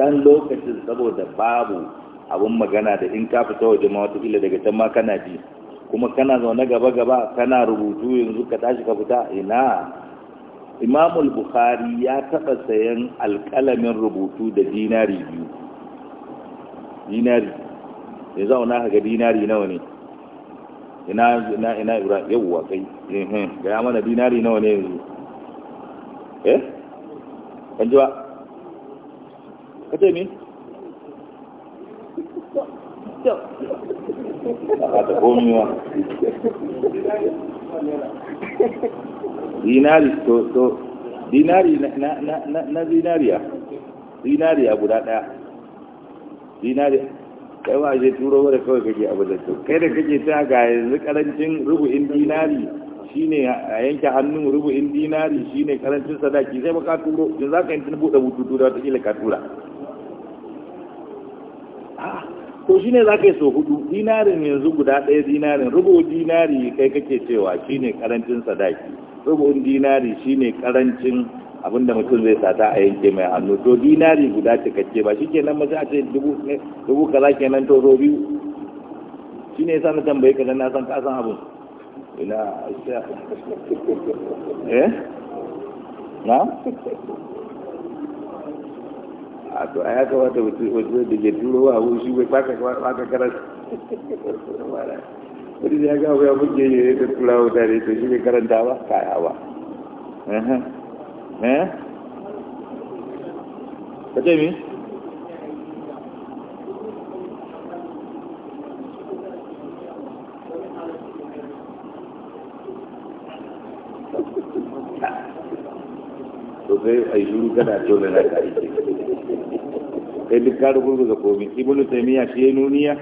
can lokacin saboda babu abin magana da in ka fita waje ma kila daga can ma kana ji kuma kana zaune gaba gaba kana rubutu yanzu ka tashi ka fita ina imamul bukhari ya taɓa sayan alƙalamin rubutu da dinari biyu dinari ya zauna ga dinari nawa ne ina ina ina yawwa kai ga ya mana dinari nawa ne yanzu eh kan ji ba ka ce ba ta dinari to to dinari na na na dinariya dinariya guda daya dinari kai ba je turo da kawai kake abu da to kai da kake ta ga yanzu karancin rubu'in dinari shine a yanke hannun rubu'in dinari shine karancin sadaki sai baka turo yanzu zaka yi tun bude bututu da wata kila ka tura ko shine za ka yi so hudu dinarin yanzu guda ɗaya dinarin rubu dinari kai kake cewa shine karancin sadaki rubun dinari shine karancin abinda mutum zai sata a yanke mai hannu to dinari guda cikakke ba shi kenan mace a ce dubu kaza kenan to shi ne yasa na tambaye ka na san kasan abin ina eh na a to ya kawata wata wata da ke turo bai baka karas wani ya ga ya buge ya da to shi ne karanta ba kaya ba ka ce mi to a yi shuru kana tona ka ike kai duk komi ibnu taymiya shi ya nuniya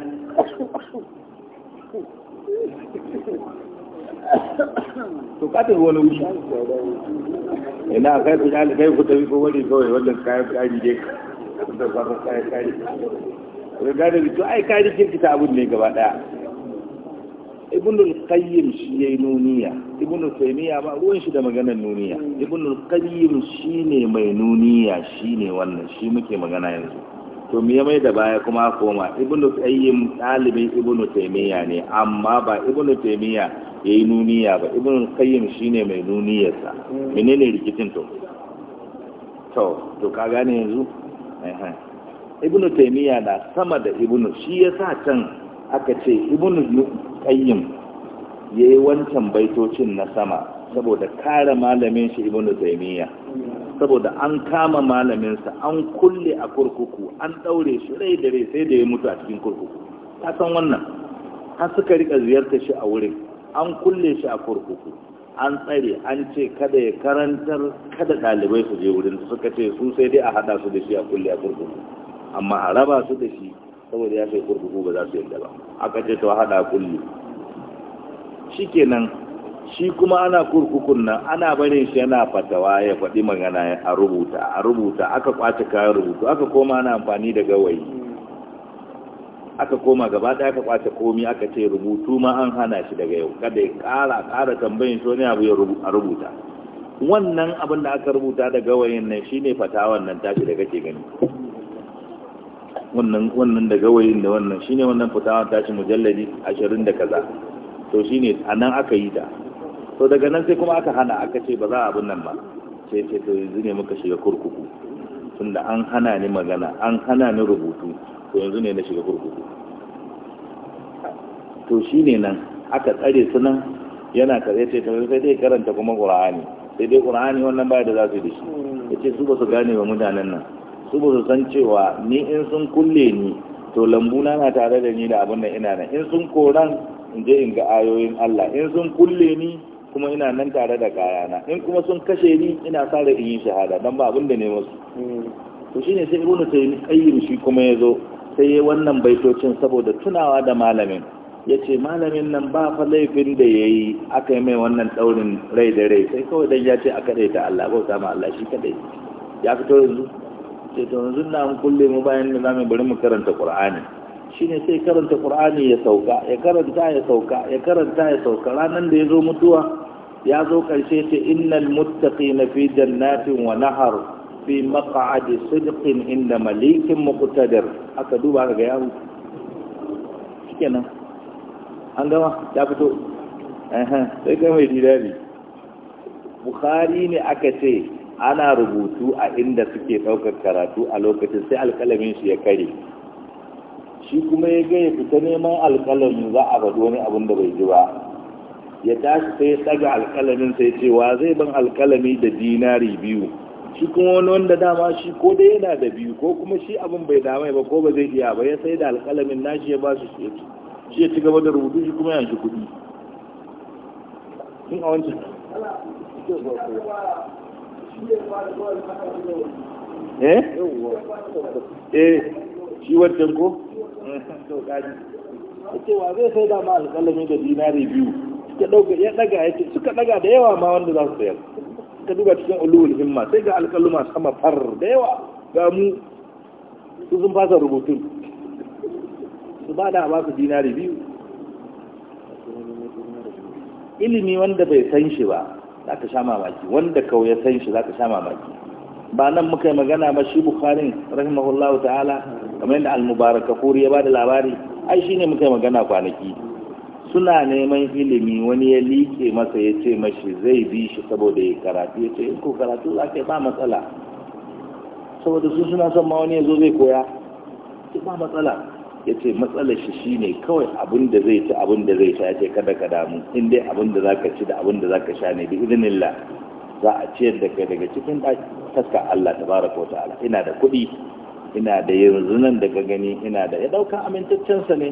to katin wani wuce ina kai fi shali kai ku tafi kowani kawai wannan kayan kari ne da kwasan kayan kari wani gane da to ai kari kirkita abin ne gaba daya al qayyim shi ne nuniya al taymiya ba ruwan shi da maganar nuniya al qayyim shine mai nuniya shine wannan shi muke magana yanzu to me mai da baya kuma koma ibnu qayyim dalibin ibnu taymiya ne amma ba ibnu taymiya yayi nuniya ba ibnu qayyim shine mai nuniyar sa mm. menene rikicin to to to ka gane yanzu eh ibnu taymiya na sama da ibnu shi yasa can aka ce ibnu qayyim yayi wancan baitocin na sama saboda kare malamin shi ibnu taymiya saboda an kama malaminsa an kulle a kurkuku an daure shi rai da rai sai da ya mutu a cikin kurkuku ta san wannan har suka rika ziyarta shi a wurin an kulle shi a kurkuku an tsare an ce kada ya karantar kada ɗalibai su je wurin suka ce su sai dai a haɗa su da shi a kulle a kurkuku amma a raba su da shi saboda ya kai kurkuku ba za su yadda ba aka ce to haɗa kulle shikenan shi kuma ana kurkukun nan ana barin shi yana fatawa ya faɗi magana a rubuta a rubuta aka kwace kayan rubutu aka koma ana amfani da gawayi aka koma gaba ɗaya aka kwace komi aka ce rubutu ma an hana shi daga yau kada ya ƙara ƙara tambayin shi wani abu a rubuta wannan abin da aka rubuta da gawayin nan shine fatawan nan tashi da kake gani wannan wannan da gawayin da wannan shine wannan fatawan tashi mujalladi 20 da kaza to shine anan aka yi ta to daga nan sai kuma aka hana aka ce ba za a abin nan ba sai ce to yanzu ne muka shiga kurkuku tunda an hana ni magana an hana ni rubutu to yanzu ne na shiga kurkuku to shi ne nan aka tsare su nan yana kare ce to sai dai karanta kuma qur'ani sai dai qur'ani wannan baya da za su yi da shi yace su ba su gane wa mutanen nan su ba su san cewa ni in sun kulle ni to lambuna na tare da ni da abin nan ina nan in sun koran in je in ga ayoyin Allah in sun kulle ni kuma ina nan tare da kayana in kuma sun kashe ni ina sa in yi shahada don ba abin da ne musu hmm. to shine sai ibnu tayyib qayyim shi kuma yazo sai yayi wannan baitocin saboda tunawa da malamin yace malamin nan ba fa laifin da yayi aka yi mai wannan daurin rai da rai sai kawai dan ya ce aka dai ta Allah ko sama Allah shi kadai ya fito yanzu sai to yanzu na mu kulle mu bayan da zamu bari mu karanta Qur'ani ne sai karanta ƙur'ani ya sauka ya karanta ya sauka ya karanta ya sauka ranar da ya zo mutuwa ya zo ƙarshe ce innal na fi jannatin wa nahar fi maq'adi sidqin inda malikin muqtadir aka duba ga yaro shikenan an gama ya fito eh sai kai mai didari bukhari ne aka ce ana rubutu a inda suke daukar karatu a lokacin sai alkalamin su ya kare shi kuma ya gaya fita neman alƙalamin za a faɗi wani abin da bai ji ba ya tashi sai ya tsaga alƙalamin sai ce wa zai ban alƙalami da dinari biyu shi kuma wani wanda dama shi ko dai yana da biyu ko kuma shi abin bai damai ba ko ba zai iya ba ya sai da alƙalamin nashi ya ba su shi ya ci gaba da rubutu shi kuma yanshi kuɗi in a wancan eh eh shi wancan ko to kaji wa zai sai da ma alƙalami da dinari biyu suka dauka ya daga yace suka daga da yawa ma wanda za su sayar ka duba cikin ulul himma sai ga alƙaluma sama far da yawa ga mu su sun fasa rubutun su ba da ba su dinari biyu ilimi wanda bai san shi ba za ka sha mamaki wanda kawai ya san shi za ka sha mamaki ba nan muka yi magana ba shi bukharin rahimahullahu ta'ala kamar yadda al-mubarakafur ya da labari ai shi ne muka yi magana kwanaki suna neman ilimi wani ya liƙe masa ya ce mashi zai bi shi saboda ya karatu ya ce in ko karatu za ka yi ba matsala saboda sun suna son ma wani ya zo zai koya ya ba matsala ya ce matsalar shi shi ne kawai abin da zai ci abin da zai sha ya ce kada ka damu in dai abin da za ka ci da abin da za ka sha ne bi idinillah za a ciyar da kai daga cikin taska Allah tabaraka wa ta'ala ina da kuɗi ina da yanzu nan da ka gani ina da ya amintaccen amintaccensa ne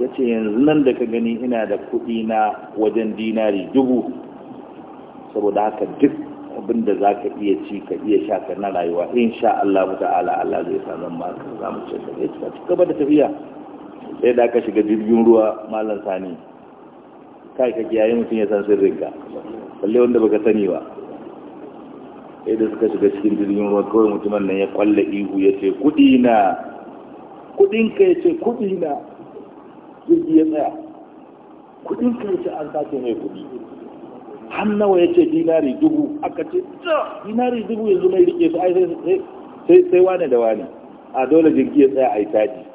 ya ce yanzu nan da ka gani ina da kuɗi na wajen dinari dubu saboda haka duk abin da za ka iya ci ka iya sha ka na rayuwa in sha Allah ta'ala Allah zai sa zan ma ka za mu ce ka gaba da tafiya sai da ka shiga jirgin ruwa malam sani kai ka kiyaye mutum ya san sirrinka balle wanda baka sani ba sai da suka shiga cikin jirgin ruwa kawai mutumin nan ya kwalla ihu ya ce kudi na kudin ka ya ce kudi na jirgi ya tsaya kudin ka ya ce an sace mai kudi har nawa ya ce dinari dubu aka ce dinari dubu yanzu mai rike su ai sai sai wane da wane a dole jirgi ya tsaya a yi taji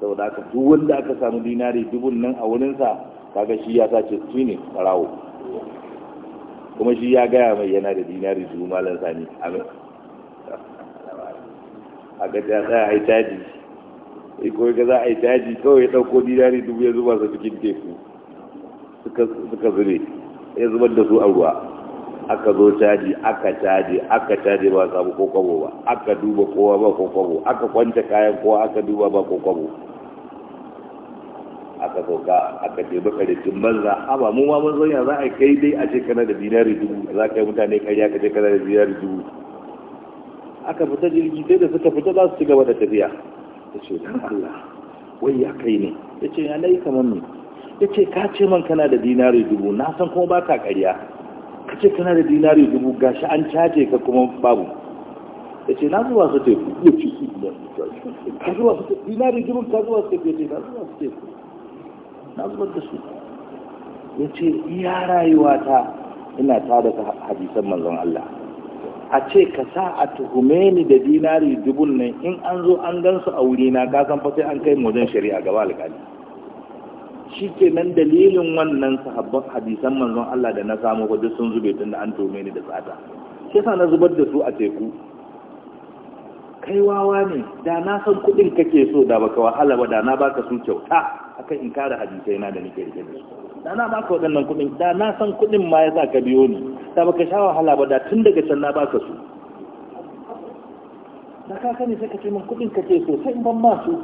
saboda aka duk wanda aka samu dinari dubun nan a wurinsa kaga shi ya sace shi ne farawo kuma shi ya gaya mai yana da dinari dubu malar sani amin aka ta tsaya a yi caji iko ga za a yi caji kawai ya ɗauko dinari dubu ya zuba su cikin teku suka zure ya zubar da su a ruwa aka zo caji aka caji aka caji ba samu ko kwabo ba aka duba kowa ba ko kwabo aka kwanta kayan kowa aka duba ba ko kwabo aka sauka aka ce baka da banza haba mu ma mun zoya za a kai dai a ce kana da dinari dubu za ka yi mutane karya ka ce kana da dinari dubu aka fita jirgi sai da suka fita za su ci gaba da tafiya ta ce dan Allah wai ya kai ne ya ce ya n'ai kamar ni ya ce ka ce man kana da dinari dubu na san kuma ba ka karya ka ce kana da dinari dubu gashi an caje ka kuma babu ya ce na zuwa su teku ya ce su teku dinari dubu ka zuwa su teku ya ce na zuwa su teku na zubar da su ya ce iya rayuwata ina tada ka hadisan manzon Allah a ce ka sa a tuhume ni da dinari dubun nan in an zo an gan su a wuri na kasan an kai mu wajen shari'a gaba alƙali shi ke nan dalilin wannan sahabban hadisan manzon Allah da na samu ba sun zube tun da an tuhume ni da tsada shi sa na zubar da su a teku kai wawa ne da na san kuɗin kake so da baka wahala ba da na baka su kyauta akan in kare hadisai na da nake rike da su da na baka waɗannan kuɗin da na san kuɗin ma ya sa ka biyo ni da baka sha wahala ba da tun daga can na baka su da ka sani sai ka ce min kuɗin ka ce sosai in ban ma su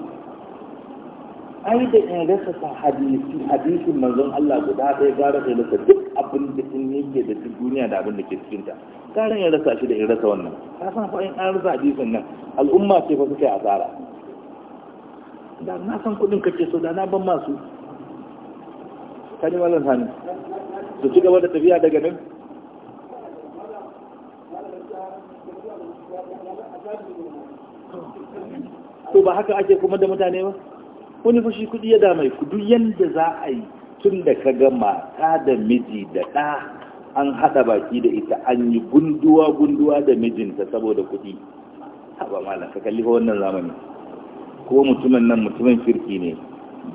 ai da in rasa sa hadisi hadisin manzon Allah guda ɗaya gara da rasa duk abin da in yake da duk duniya da abin da ke cikin ta gara in rasa shi da in rasa wannan ka san fa in an rasa hadisin nan al'umma ce fa suke asara da na san kudin kake so da na ban masu kani wannan sani su ci gaba da tafiya daga nan to ba haka ake kuma da mutane ba wani fushi kudi ya damai kudu yadda za a yi tun da ka ga mata da miji da ɗa an haɗa baki da ita an yi gunduwa-gunduwa da mijinta saboda kudi haɓa malam ka kalli wannan zamani ko mutumin nan mutumin kirki ne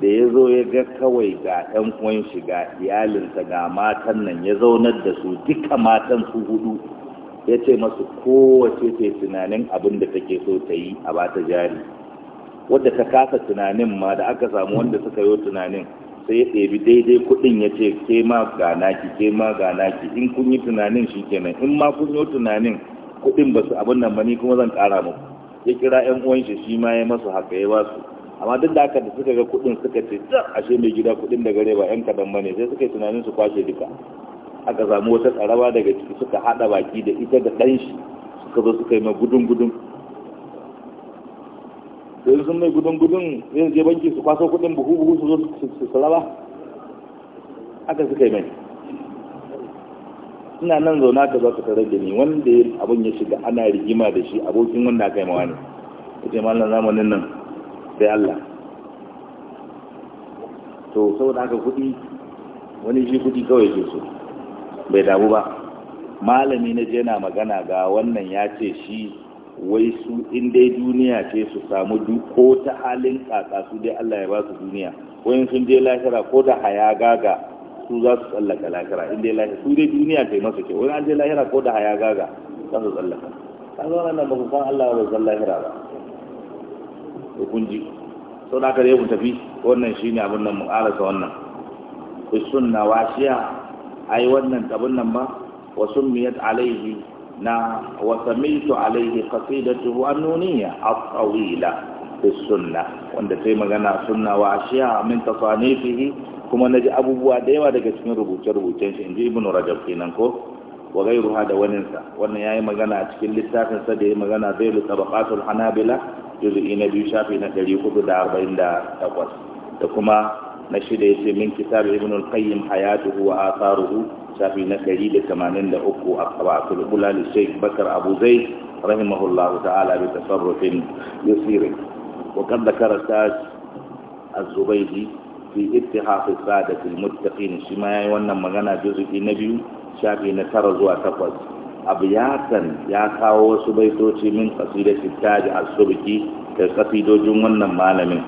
da ya zo ya ga kawai ga ɗan uwan shi iyalinsa ga matan nan ya zaunar da su duka matan su hudu ya ce masu kowace ce tunanin abin da take so ta yi a bata jari wadda ta kasa tunanin ma da aka samu wanda suka yi tunanin sai ya ɗebi daidai kuɗin ya ce ke ma ga naki ke ma ga naki in kun yi tunanin shi kenan in ma kun yi tunanin kuɗin ba su abin nan ba ni kuma zan ƙara muku ya kira yan uwan shi shi ma ya masu haka ya basu amma duk da haka da suka ga kuɗin suka ce ashe mai gida kuɗin da gare ba yan kadan bane sai suka yi tunanin su kwashe duka aka samu wata tsaraba daga ciki suka haɗa baki da ita da dan shi suka zo suka yi ma gudun gudun sai sun mai gudun gudun sai je banki su kwaso kuɗin buhu buhu su zo su raba haka suka yi mai ina nan zauna ka za ka tare da ni wanda abin ya shiga ana rigima da shi abokin wanda aka yi mawa ne ita ce mallan zamanin nan sai Allah to saboda haka kuɗi wani shi kuɗi kawai ke so bai damu ba malami na je yana magana ga wannan ya ce shi wai su in dai duniya ce su samu ko ta halin kaka su dai Allah ya ba su duniya wayan sun je lahira ko da haya gaga su za su tsallaka lahira inda ya lahira su dai duniya kai masa ke wani an je lahira ko da haya gaga za su tsallaka ka zo nan ba ku san Allah ba san lahira ba to kun ji sau da aka mu tafi wannan shine abin nan mu karasa wannan sunna washiya ai wannan tabin nan ba wa summiyat alaihi na wa samiltu alaihi qasidatuhu annuniyya at-tawila fi sunna wanda sai magana sunna washiya min tasanifihi kuma naji abubuwa da yawa daga cikin rubuce-rubucen shi inji ibn rajab kenan ko wa ghayruha da waninsa wannan yayi magana a cikin littafin sa da yayi magana zailu tabaqatul hanabila juz'i na biyu shafi na 448 da kuma na shida yace min kitab ibn al-qayyim hayatuhu wa atharuhu shafi na 183 a qabatul ula li shaykh bakar abu zayd rahimahullahu ta'ala bi tasarrufin yusir وقد ذكر az-zubaydi fi ittihafi da muttaqin shi ma yayi wannan magana juz'i na biyu shafi na tara zuwa takwas abyatan ya kawo wasu baitoci min qasidati taj as-subki da kasidojin wannan malamin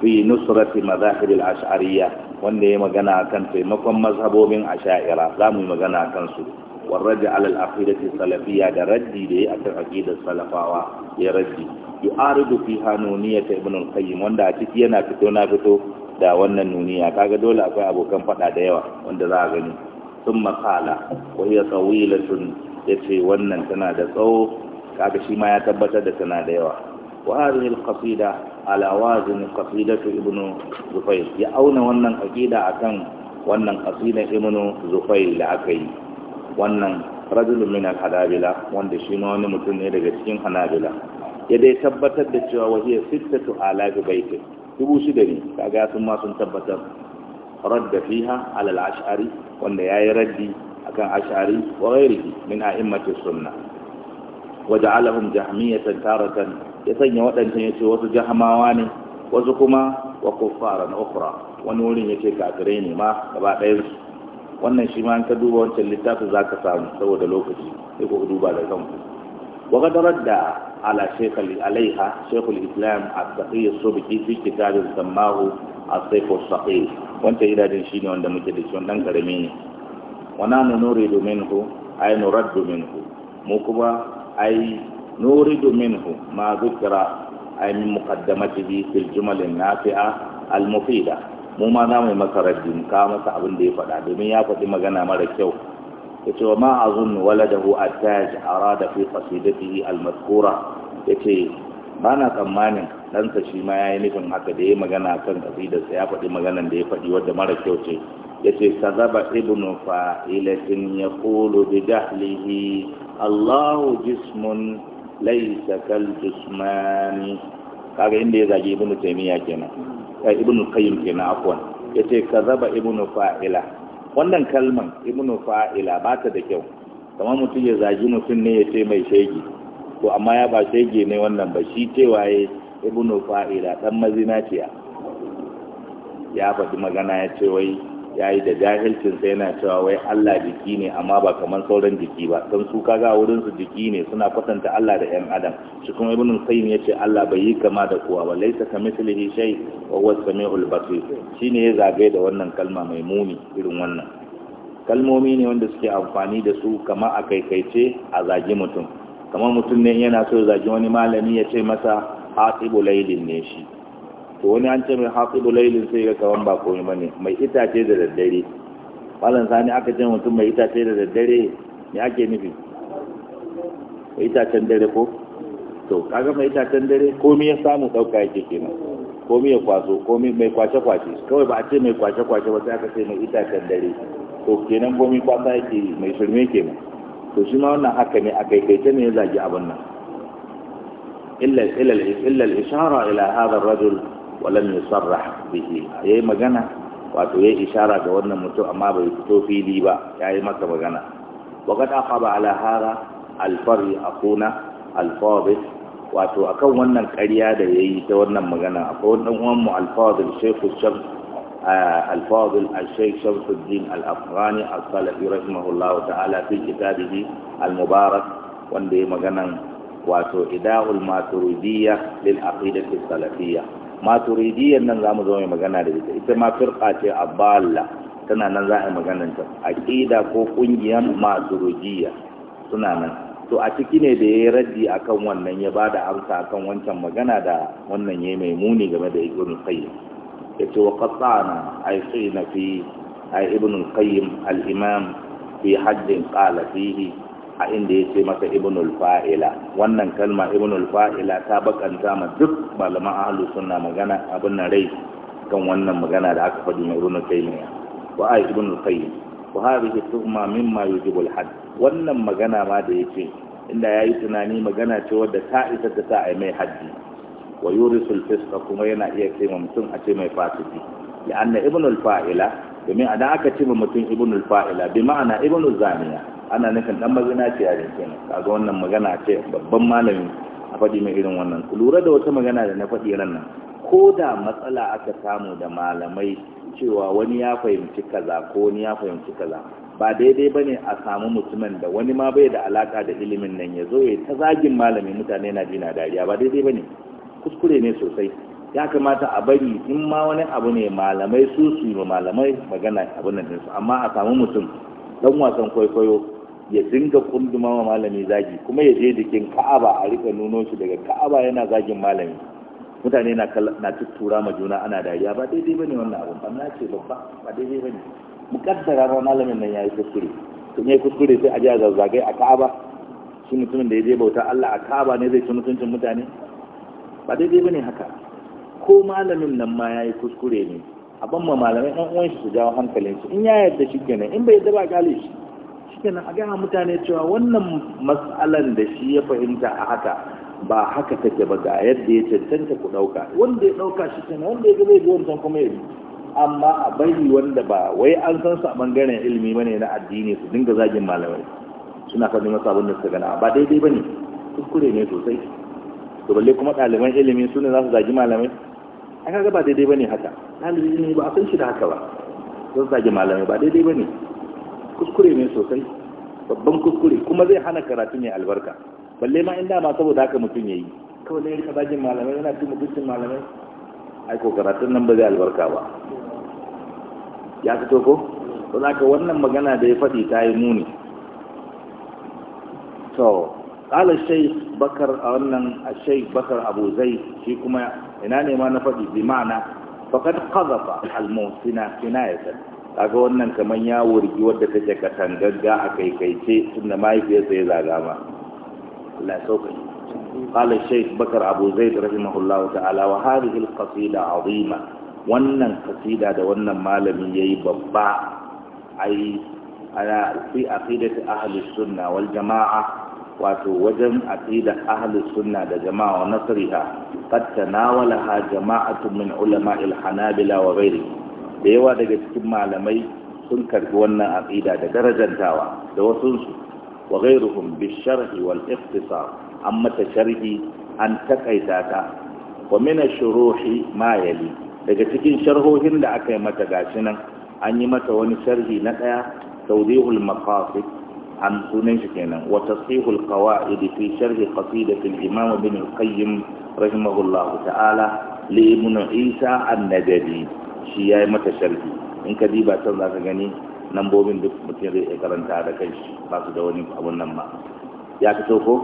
fi nusrati madahib al-ash'ariyya wanda yayi magana akan taimakon mazhabobin ash'ira mu yi magana akan su raja ala al-aqidati salafiyya da raddi da yayi akan aqidar salafawa ya raddi yu'aridu fi hanuniyat ibn al-qayyim wanda a ciki yana fito na fito da wannan nuniya kaga dole akwai abokan fada da yawa wanda za a gani sun makala tsawila sun ya ce wannan tana da tsawo kaga shi ma ya tabbatar da tana da yawa wa hadhihi alqasida ala ibnu Zufai ya auna wannan a kan wannan qasida ibnu Zufai da aka yi wannan rajulun min al-hanabila wanda shi ma wani mutum ne daga cikin hanabila ya dai tabbatar da cewa wahiyar sittatu bai baitin dubu shida ne kaga sun ma sun tabbatar radda fiha alal ash'ari wanda yayi raddi akan ash'ari wa ghairihi min a'immatis sunna wa ja'alahum jahmiyatan taratan ya sanya wadancan yace wasu jahmawa ne wasu kuma wa kuffaran ukhra wani wurin yace kafirai ne ma gaba ɗaya wannan shi ma an ka duba wancan littafin zaka samu saboda lokaci sai ku duba da kanku وقد رد على شيخ عليها شيخ الإسلام السقي الصبكي في كتاب سماه السيف الصقي وانت إلى دنشين وانت مجدش وانت كرمين ونحن نريد منه أي نرد منه مكبا أي نريد منه ما ذكر أي من مقدمته في الجمل النافعة المفيدة mu ma za mu yi masa rajin kawo masa abin da ya faɗa domin ya faɗi magana mara kyau yace wa ma azun waladahu attaj arada fi qasidatihi ce yace bana tsammanin ɗansa shi ma yayi nufin haka da yayi magana kan kasidarsa ya faɗi maganan da ya faɗi wadda mara kyau ce yace kazaba ibnu fa'ilatin yaqulu bi dahlihi Allahu jismun laysa kal jismani kaga inda ya zagi ibnu taymiya kenan ibnu qayyim kenan afwan yace kazaba ibnu fa'ila wannan kalman ibnu fa'ila ba ta da kyau kamar mutum ya zagi mutum ne ya ce mai shege to amma ya ba shege ne wannan ba shi cewa ya ibnu fa'ila dan mazinaciya ya faɗi magana ya ce wai ya yi da jahilcin sai yana cewa wai Allah jiki ne amma ba kamar sauran jiki ba don su kaga wurin su jiki ne suna kwatanta Allah da ƴan adam shi kuma ibn ya ce Allah bai yi kama da kowa ba laisa kamithlihi shay wa huwa samiul basir shine ya zagaye da wannan kalma mai muni irin wannan kalmomi ne wanda suke amfani da su kama a kaikaice a zagi mutum kamar mutum ne yana so ya zagi wani malami ya ce masa hatibu lailin ne shi to wani an ce mai haƙibu lailin sai ga kawan ba komai bane mai itace da daddare malam sani aka ce mutum mai itace da daddare me ake nufi mai itacen dare ko to kaga mai itacen dare komai ya samu ɗauka yake kenan komai ya kwaso komai mai kwace kwace kawai ba a ce mai kwace kwace ba sai aka ce mai itacen dare to kenan komai kwasa yake mai shirme kenan to shi ma wannan haka ne a kaikaice ne ya zagi abin nan illa illa illa ishara ila hadha ar-rajul Walan mai sarra bihi ya magana wato ya ishara da wannan mutum amma bai fito fili ba ya yi maka magana wakata akaba ala hara alfari akuna alfawabis wato akan wannan karya da ya yi ta wannan magana akwai wannan uwan mu alfawabil shaifu shaf eh, alfawabil alshaif shafuddin al'afghani alfalafi rahimahullah ta'ala fi kitabihi almubarak wanda ya maganan wato ida'ul maturidiyya lil aqidati salafiyya maturidiyyar nan za mu zo mai magana da ita ita ma firka ce a bala tana nan za a yi magananta. ta aƙida ko ƙungiyar maturidiyya suna nan to a ciki ne da ya yi raddi akan wannan ya ba da amsa akan wancan magana da wannan ya mai muni game da ibn qayyim ya ce wa qatsana ay fi fi ay ibn qayyim al imam fi haddin qala fihi a inda ya ce masa ibnul fa'ila wannan kalma ibnul fa'ila ta bakanta ma duk malaman ahlu suna magana abin nan rai kan wannan magana da aka faɗi mai ibnul taymiya wa ay ibnul qayyim wa hadhihi tuhma mimma yujibu al wannan magana ma da yace inda yayi tunani magana ce wadda ta isa ta sa ai mai haddi wa yurisul kuma yana iya kai mutum a ce mai fasiki la'anna ibnul fa'ila domin a da aka ce mutum ibnul fa'ila bi ma'ana ibnul zaniya ana nufin dan magana ce a yare ka kaga wannan magana ce babban malami a faɗi mai irin wannan ku lura da wata magana da na faɗi ran nan ko da matsala aka samu da malamai cewa wani ya fahimci kaza ko wani ya fahimci kaza ba daidai bane a samu mutumin da wani ma bai da alaka da ilimin nan ya zo ya ta zagin malami mutane na jina dariya ba daidai bane kuskure ne sosai ya kamata a bari in ma wani abu ne malamai su su yi malamai magana abin nan amma a samu mutum dan wasan kwaikwayo ya dinga kunduma ma malami zagi kuma ya je jikin ka'aba a rika nuno shi daga ka'aba yana zagin malami mutane na na tuttura ma juna ana dariya ba daidai bane wannan abun ba na ce babba ba daidai bane mukaddara ma malamin nan yayi kuskure to ne kuskure sai a ji zazzagai a ka'aba shi mutumin da ya je bauta Allah a ka'aba ne zai ci mutuncin mutane ba daidai bane haka ko malamin nan ma yayi kuskure ne a ban ma malamai ɗan uwan shi su jawo hankalin shi in ya yarda shi kenan in bai yarda ba gale shi shi a gaya mutane cewa wannan matsalan da shi ya fahimta a haka ba haka take ba ga yadda ya cancanta ku ɗauka wanda ya ɗauka shi kenan wanda ya ga zai gwamta kuma ya amma a bari wanda ba wai an san su a ɓangaren ilimi bane na addini su dinga zagin malamai suna faɗi masu abin da suka gana ba daidai bane kuskure ne sosai to balle kuma ɗaliban ilimi su ne za su zagi malamai a ga ba daidai bane haka ɗalibin ilimi ba a san shi da haka ba zan zagi malamai ba daidai bane kuskure ne sosai babban kuskure kuma zai hana karatu mai albarka balle ma inda ma saboda haka mutum ya yi kawai da yanka bajin malamai yana cin mutuncin malamai aiko karatun nan ba zai albarka ba ya fito ko ko za ka wannan magana da ya faɗi ta yi muni to ƙala shai bakar a wannan a shai bakar abu zai shi kuma ina ne ma na faɗi bi ma'ana fakat fina ya sani kaga wannan kamar ya wurgi wadda take katangagga a kaikaice tunda mahaifiyarsa ya zaga ma Allah sauka قال الشيخ بكر أبو زيد رحمه الله تعالى وهذه القصيدة عظيمة wannan kasida da wannan malamin yayi babba ai ala fi aqidati ahli sunna wal jamaa wato wajen aqida ahli sunna da jamaa wa nasriha qad tanawalaha jama'atun min ulama'il hanabila wa ghairihi da yawa daga cikin malamai sun karbi wannan aqida da darajantawa da wasunsu wa ghayruhum sharhi wal ikhtisar amma ta sharhi an takaita ta wa min ash-shuruhi ma yali daga cikin sharhohin da aka yi mata gashi nan an yi mata wani sharhi na daya tawdihul maqasid an sunan shi kenan wa tasihul qawaid fi sharhi qasidat al-imam ibn al-qayyim rahimahullahu ta'ala li ibn isa an-najabi shi ya yi mata sharhi in ka diba can za ka gani lambobin duk mutum zai karanta da kai ba su da wani abun nan ba ya fito ko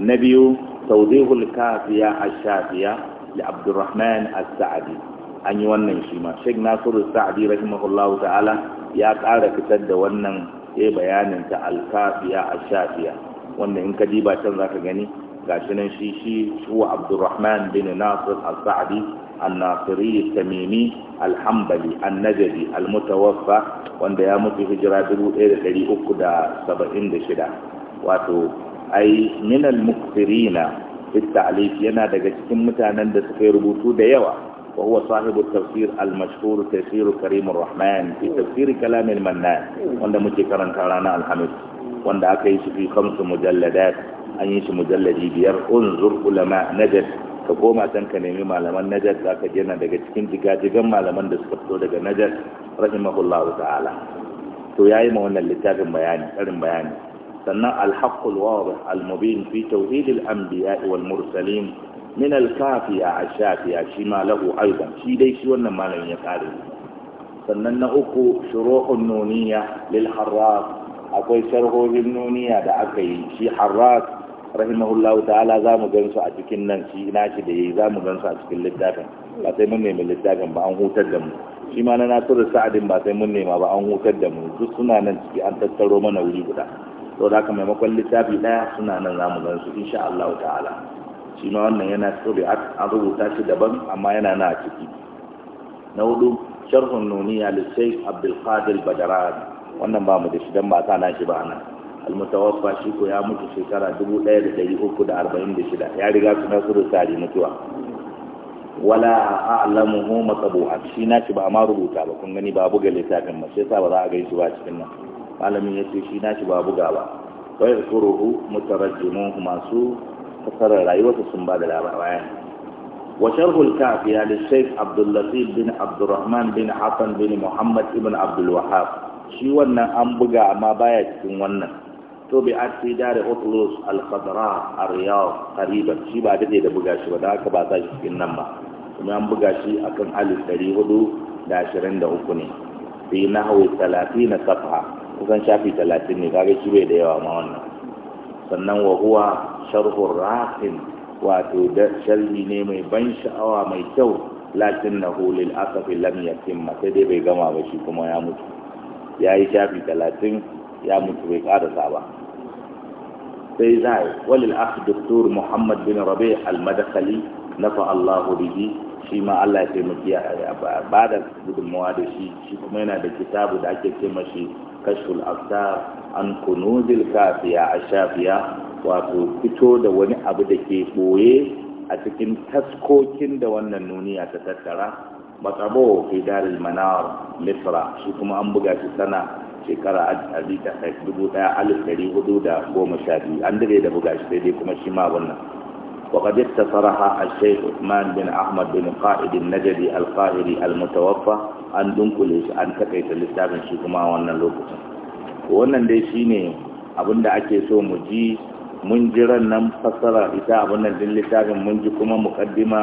na biyu tawdihul kafiya a shafiya da abdurrahman saadi saadi an yi wannan shi ma sheikh nasiru sa'adi rahimahullahu ta'ala ya kara fitar da wannan ya bayanin ta al-kafiya ash-shafiya wanda in ka diba can za ka gani gashi nan shi shi huwa abdurrahman bin nasir al-sa'di hambali التميمي الحنبلي al المتوفى wanda ya mutu hijira 1376 wato ai min al-muqsirina fi ta'lif yana daga cikin mutanen da suka rubutu da yawa wa huwa sahibu tafsir al-mashhur tafsir karim ar-rahman fi tafsir kalam al-mannan wanda muke karanta ranar alhamis wanda aka yi shi fi khamsu mujalladat an yi shi mujalladi biyar unzur ulama najad ka koma can ka nemi malaman najad za ka jana daga cikin jigajigan malaman da suka fito daga najad rahimahullahu ta'ala to yayi ma wannan littafin bayani karin bayani sannan alhaqqul wadih almubin fi tawhid al-anbiya wal mursalin min al-kafiya ash-shafiya shi ma lahu aidan shi dai shi wannan malamin ya kare sannan na uku shuruhun nuniyya lil harras akwai sharhohin nuniya da aka yi shi harras rahimahullahu ta'ala za mu gansu a cikin nan shi na shi da yi za mu gansu a cikin littafin ba sai mun nemi littafin ba an hutar da mu shi ma na nasiru sa'adin ba sai mun nema ba an hutar da mu duk suna nan ciki an tattaro mana wuri guda to da haka maimakon littafi ɗaya suna nan za mu gansu insha Allah ta'ala shi ma wannan yana bai an rubuta shi daban amma yana na ciki na hudu sharhun nuniya lissai abdulkadir badara wannan ba mu da shi don ba ta na shi ba nan almutawaffa shi ko ya mutu shekara dubu ɗaya da da da uku arba'in shida, ya riga su nasiru sari mutuwa wala a'lamuhu matsabu'a shi na shi ba ma rubuta ba kun gani ba buga littafin ba sai sa ba za a gaisu ba cikin nan malamin ya ce shi na shi ba buga ba wai su kuruhu mutarajjimuhu masu fasarar rayuwarsa sun ba da labarai وشرح الكافية للشيخ عبد اللطيف بن عبد الرحمن بن حسن بن محمد بن عبد الوهاب شي wannan an buga amma baya cikin wannan to bi an fi dare utlus al-khadra ar-riyad qariban shi ba dade da buga shi ba da haka ba sa shi cikin nan ba kuma an buga shi akan alif 423 ne fi nahwi 30 safha kusan shafi 30 ne kaga shi bai da yawa ma wannan sannan wa huwa sharhu rafin wato da sharhi ne mai ban sha'awa mai kyau lakin na hulil asafi lam ma sai dai bai gama ba shi kuma ya mutu ya yi shafi talatin ya mutu bai kada ba sai za a yi walil akh doktor muhammad bin rabi al-madakali fa allahu bihi shi ma allah ya taimaki ba da gudunmawa da shi shi kuma yana da kitabu da ake ce mashi kashful aftar an kunuzil kafiya a shafiya wato fito da wani abu da ke boye a cikin taskokin da wannan nuniya ta tattara matsabo fi daril manar misra shi kuma an buga shi sana shekara a bita dubu ɗaya alif ɗari hudu da goma sha biyu an dade da buga shi daidai kuma shi ma wannan وقد اختصرها الشيخ عثمان بن أحمد بن قائد النجدي القاهري المتوفى أن دنكلش أن تكيت لسابن شكما وانا لوكتا وانا دي شيني shine da ake so mu ji mun jiran nan fassara ita abin nan din littafin mun ji kuma kaddima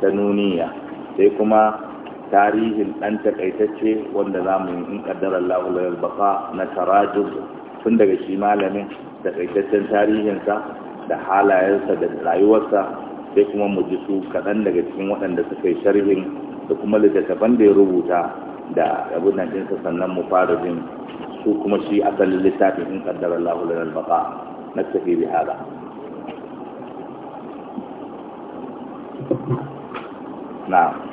ta nuniya sai kuma tarihin ɗan takaitacce wanda za mu yi in ƙaddar Allah baka na tarajin tun daga shi malamin takaitaccen tarihinsa da halayensa da rayuwarsa sai kuma mu ji su kaɗan daga cikin waɗanda suka yi sharhin da kuma littattafan da ya rubuta da abin nan ɗinsa sannan mu fara jin su kuma shi asalin littafin in ƙaddar Allah baka na tafi bi hada. Na'am.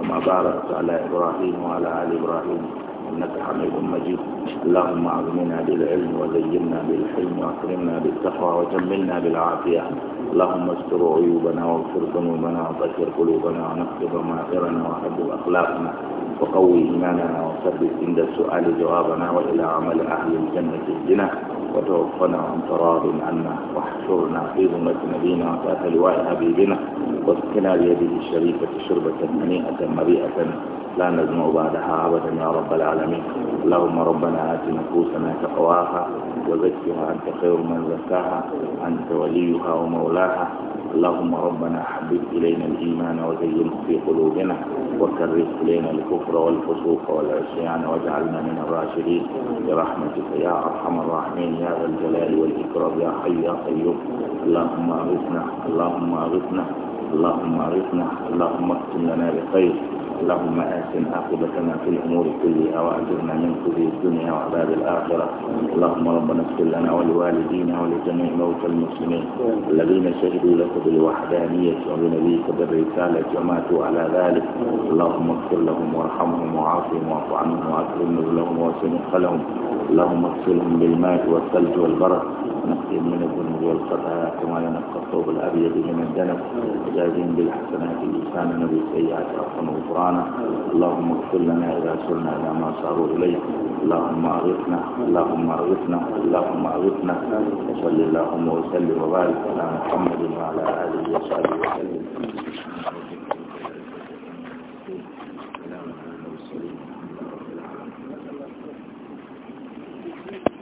كما باركت على إبراهيم وعلى آل إبراهيم إنك حميد مجيد اللهم أعظمنا بالعلم وزينا بالحلم وأكرمنا بالتقوى وجملنا بالعافية اللهم استر عيوبنا واغفر ذنوبنا وطهر قلوبنا ونقض مآثرنا وحبب أخلاقنا وقوي إيماننا وثبت عند السؤال جوابنا وإلى عمل أهل الجنة اهدنا وتوفنا عن تراض عنا واحشرنا في ذمة نبينا وتأتى لواء حبيبنا واسقنا بيده الشريفة شربة منيئة مريئة لا نزمع بعدها عبدا يا رب العالمين اللهم ربنا آت نفوسنا تقواها وزكها أنت خير من زكاها أنت وليها ومولاها اللهم ربنا حبب إلينا الإيمان وزينه في قلوبنا وكره إلينا الكفر والفسوق والعصيان واجعلنا من الراشدين برحمتك يا أرحم الراحمين يا ذا الجلال والإكرام يا حي يا قيوم اللهم أغثنا اللهم أغثنا اللهم عرفنا اللهم اختم لنا بخير اللهم آسن عاقبتنا في الأمور كلها وأجرنا من خزي الدنيا وعذاب الآخرة اللهم ربنا اغفر لنا ولوالدينا ولجميع موتى المسلمين الذين شهدوا لك بالوحدانية وبنبيك بالرسالة وماتوا على ذلك اللهم اغفر لهم وارحمهم وعافهم واعف عنهم وأكرم نزلهم واسع مدخلهم اللهم اغسلهم بالماء والثلج والبرد نقهم من الذنوب والخطايا كما ينقى الثوب الأبيض من الدنس وجازهم بالحسنات لسانا وبالسيئات عفوا وغفرانا معنا اللهم اغفر لنا إذا سرنا إلى ما صاروا إليه اللهم أغثنا اللهم أغثنا اللهم أغثنا وصل اللهم وسلم وبارك على محمد وعلى آله وصحبه وسلم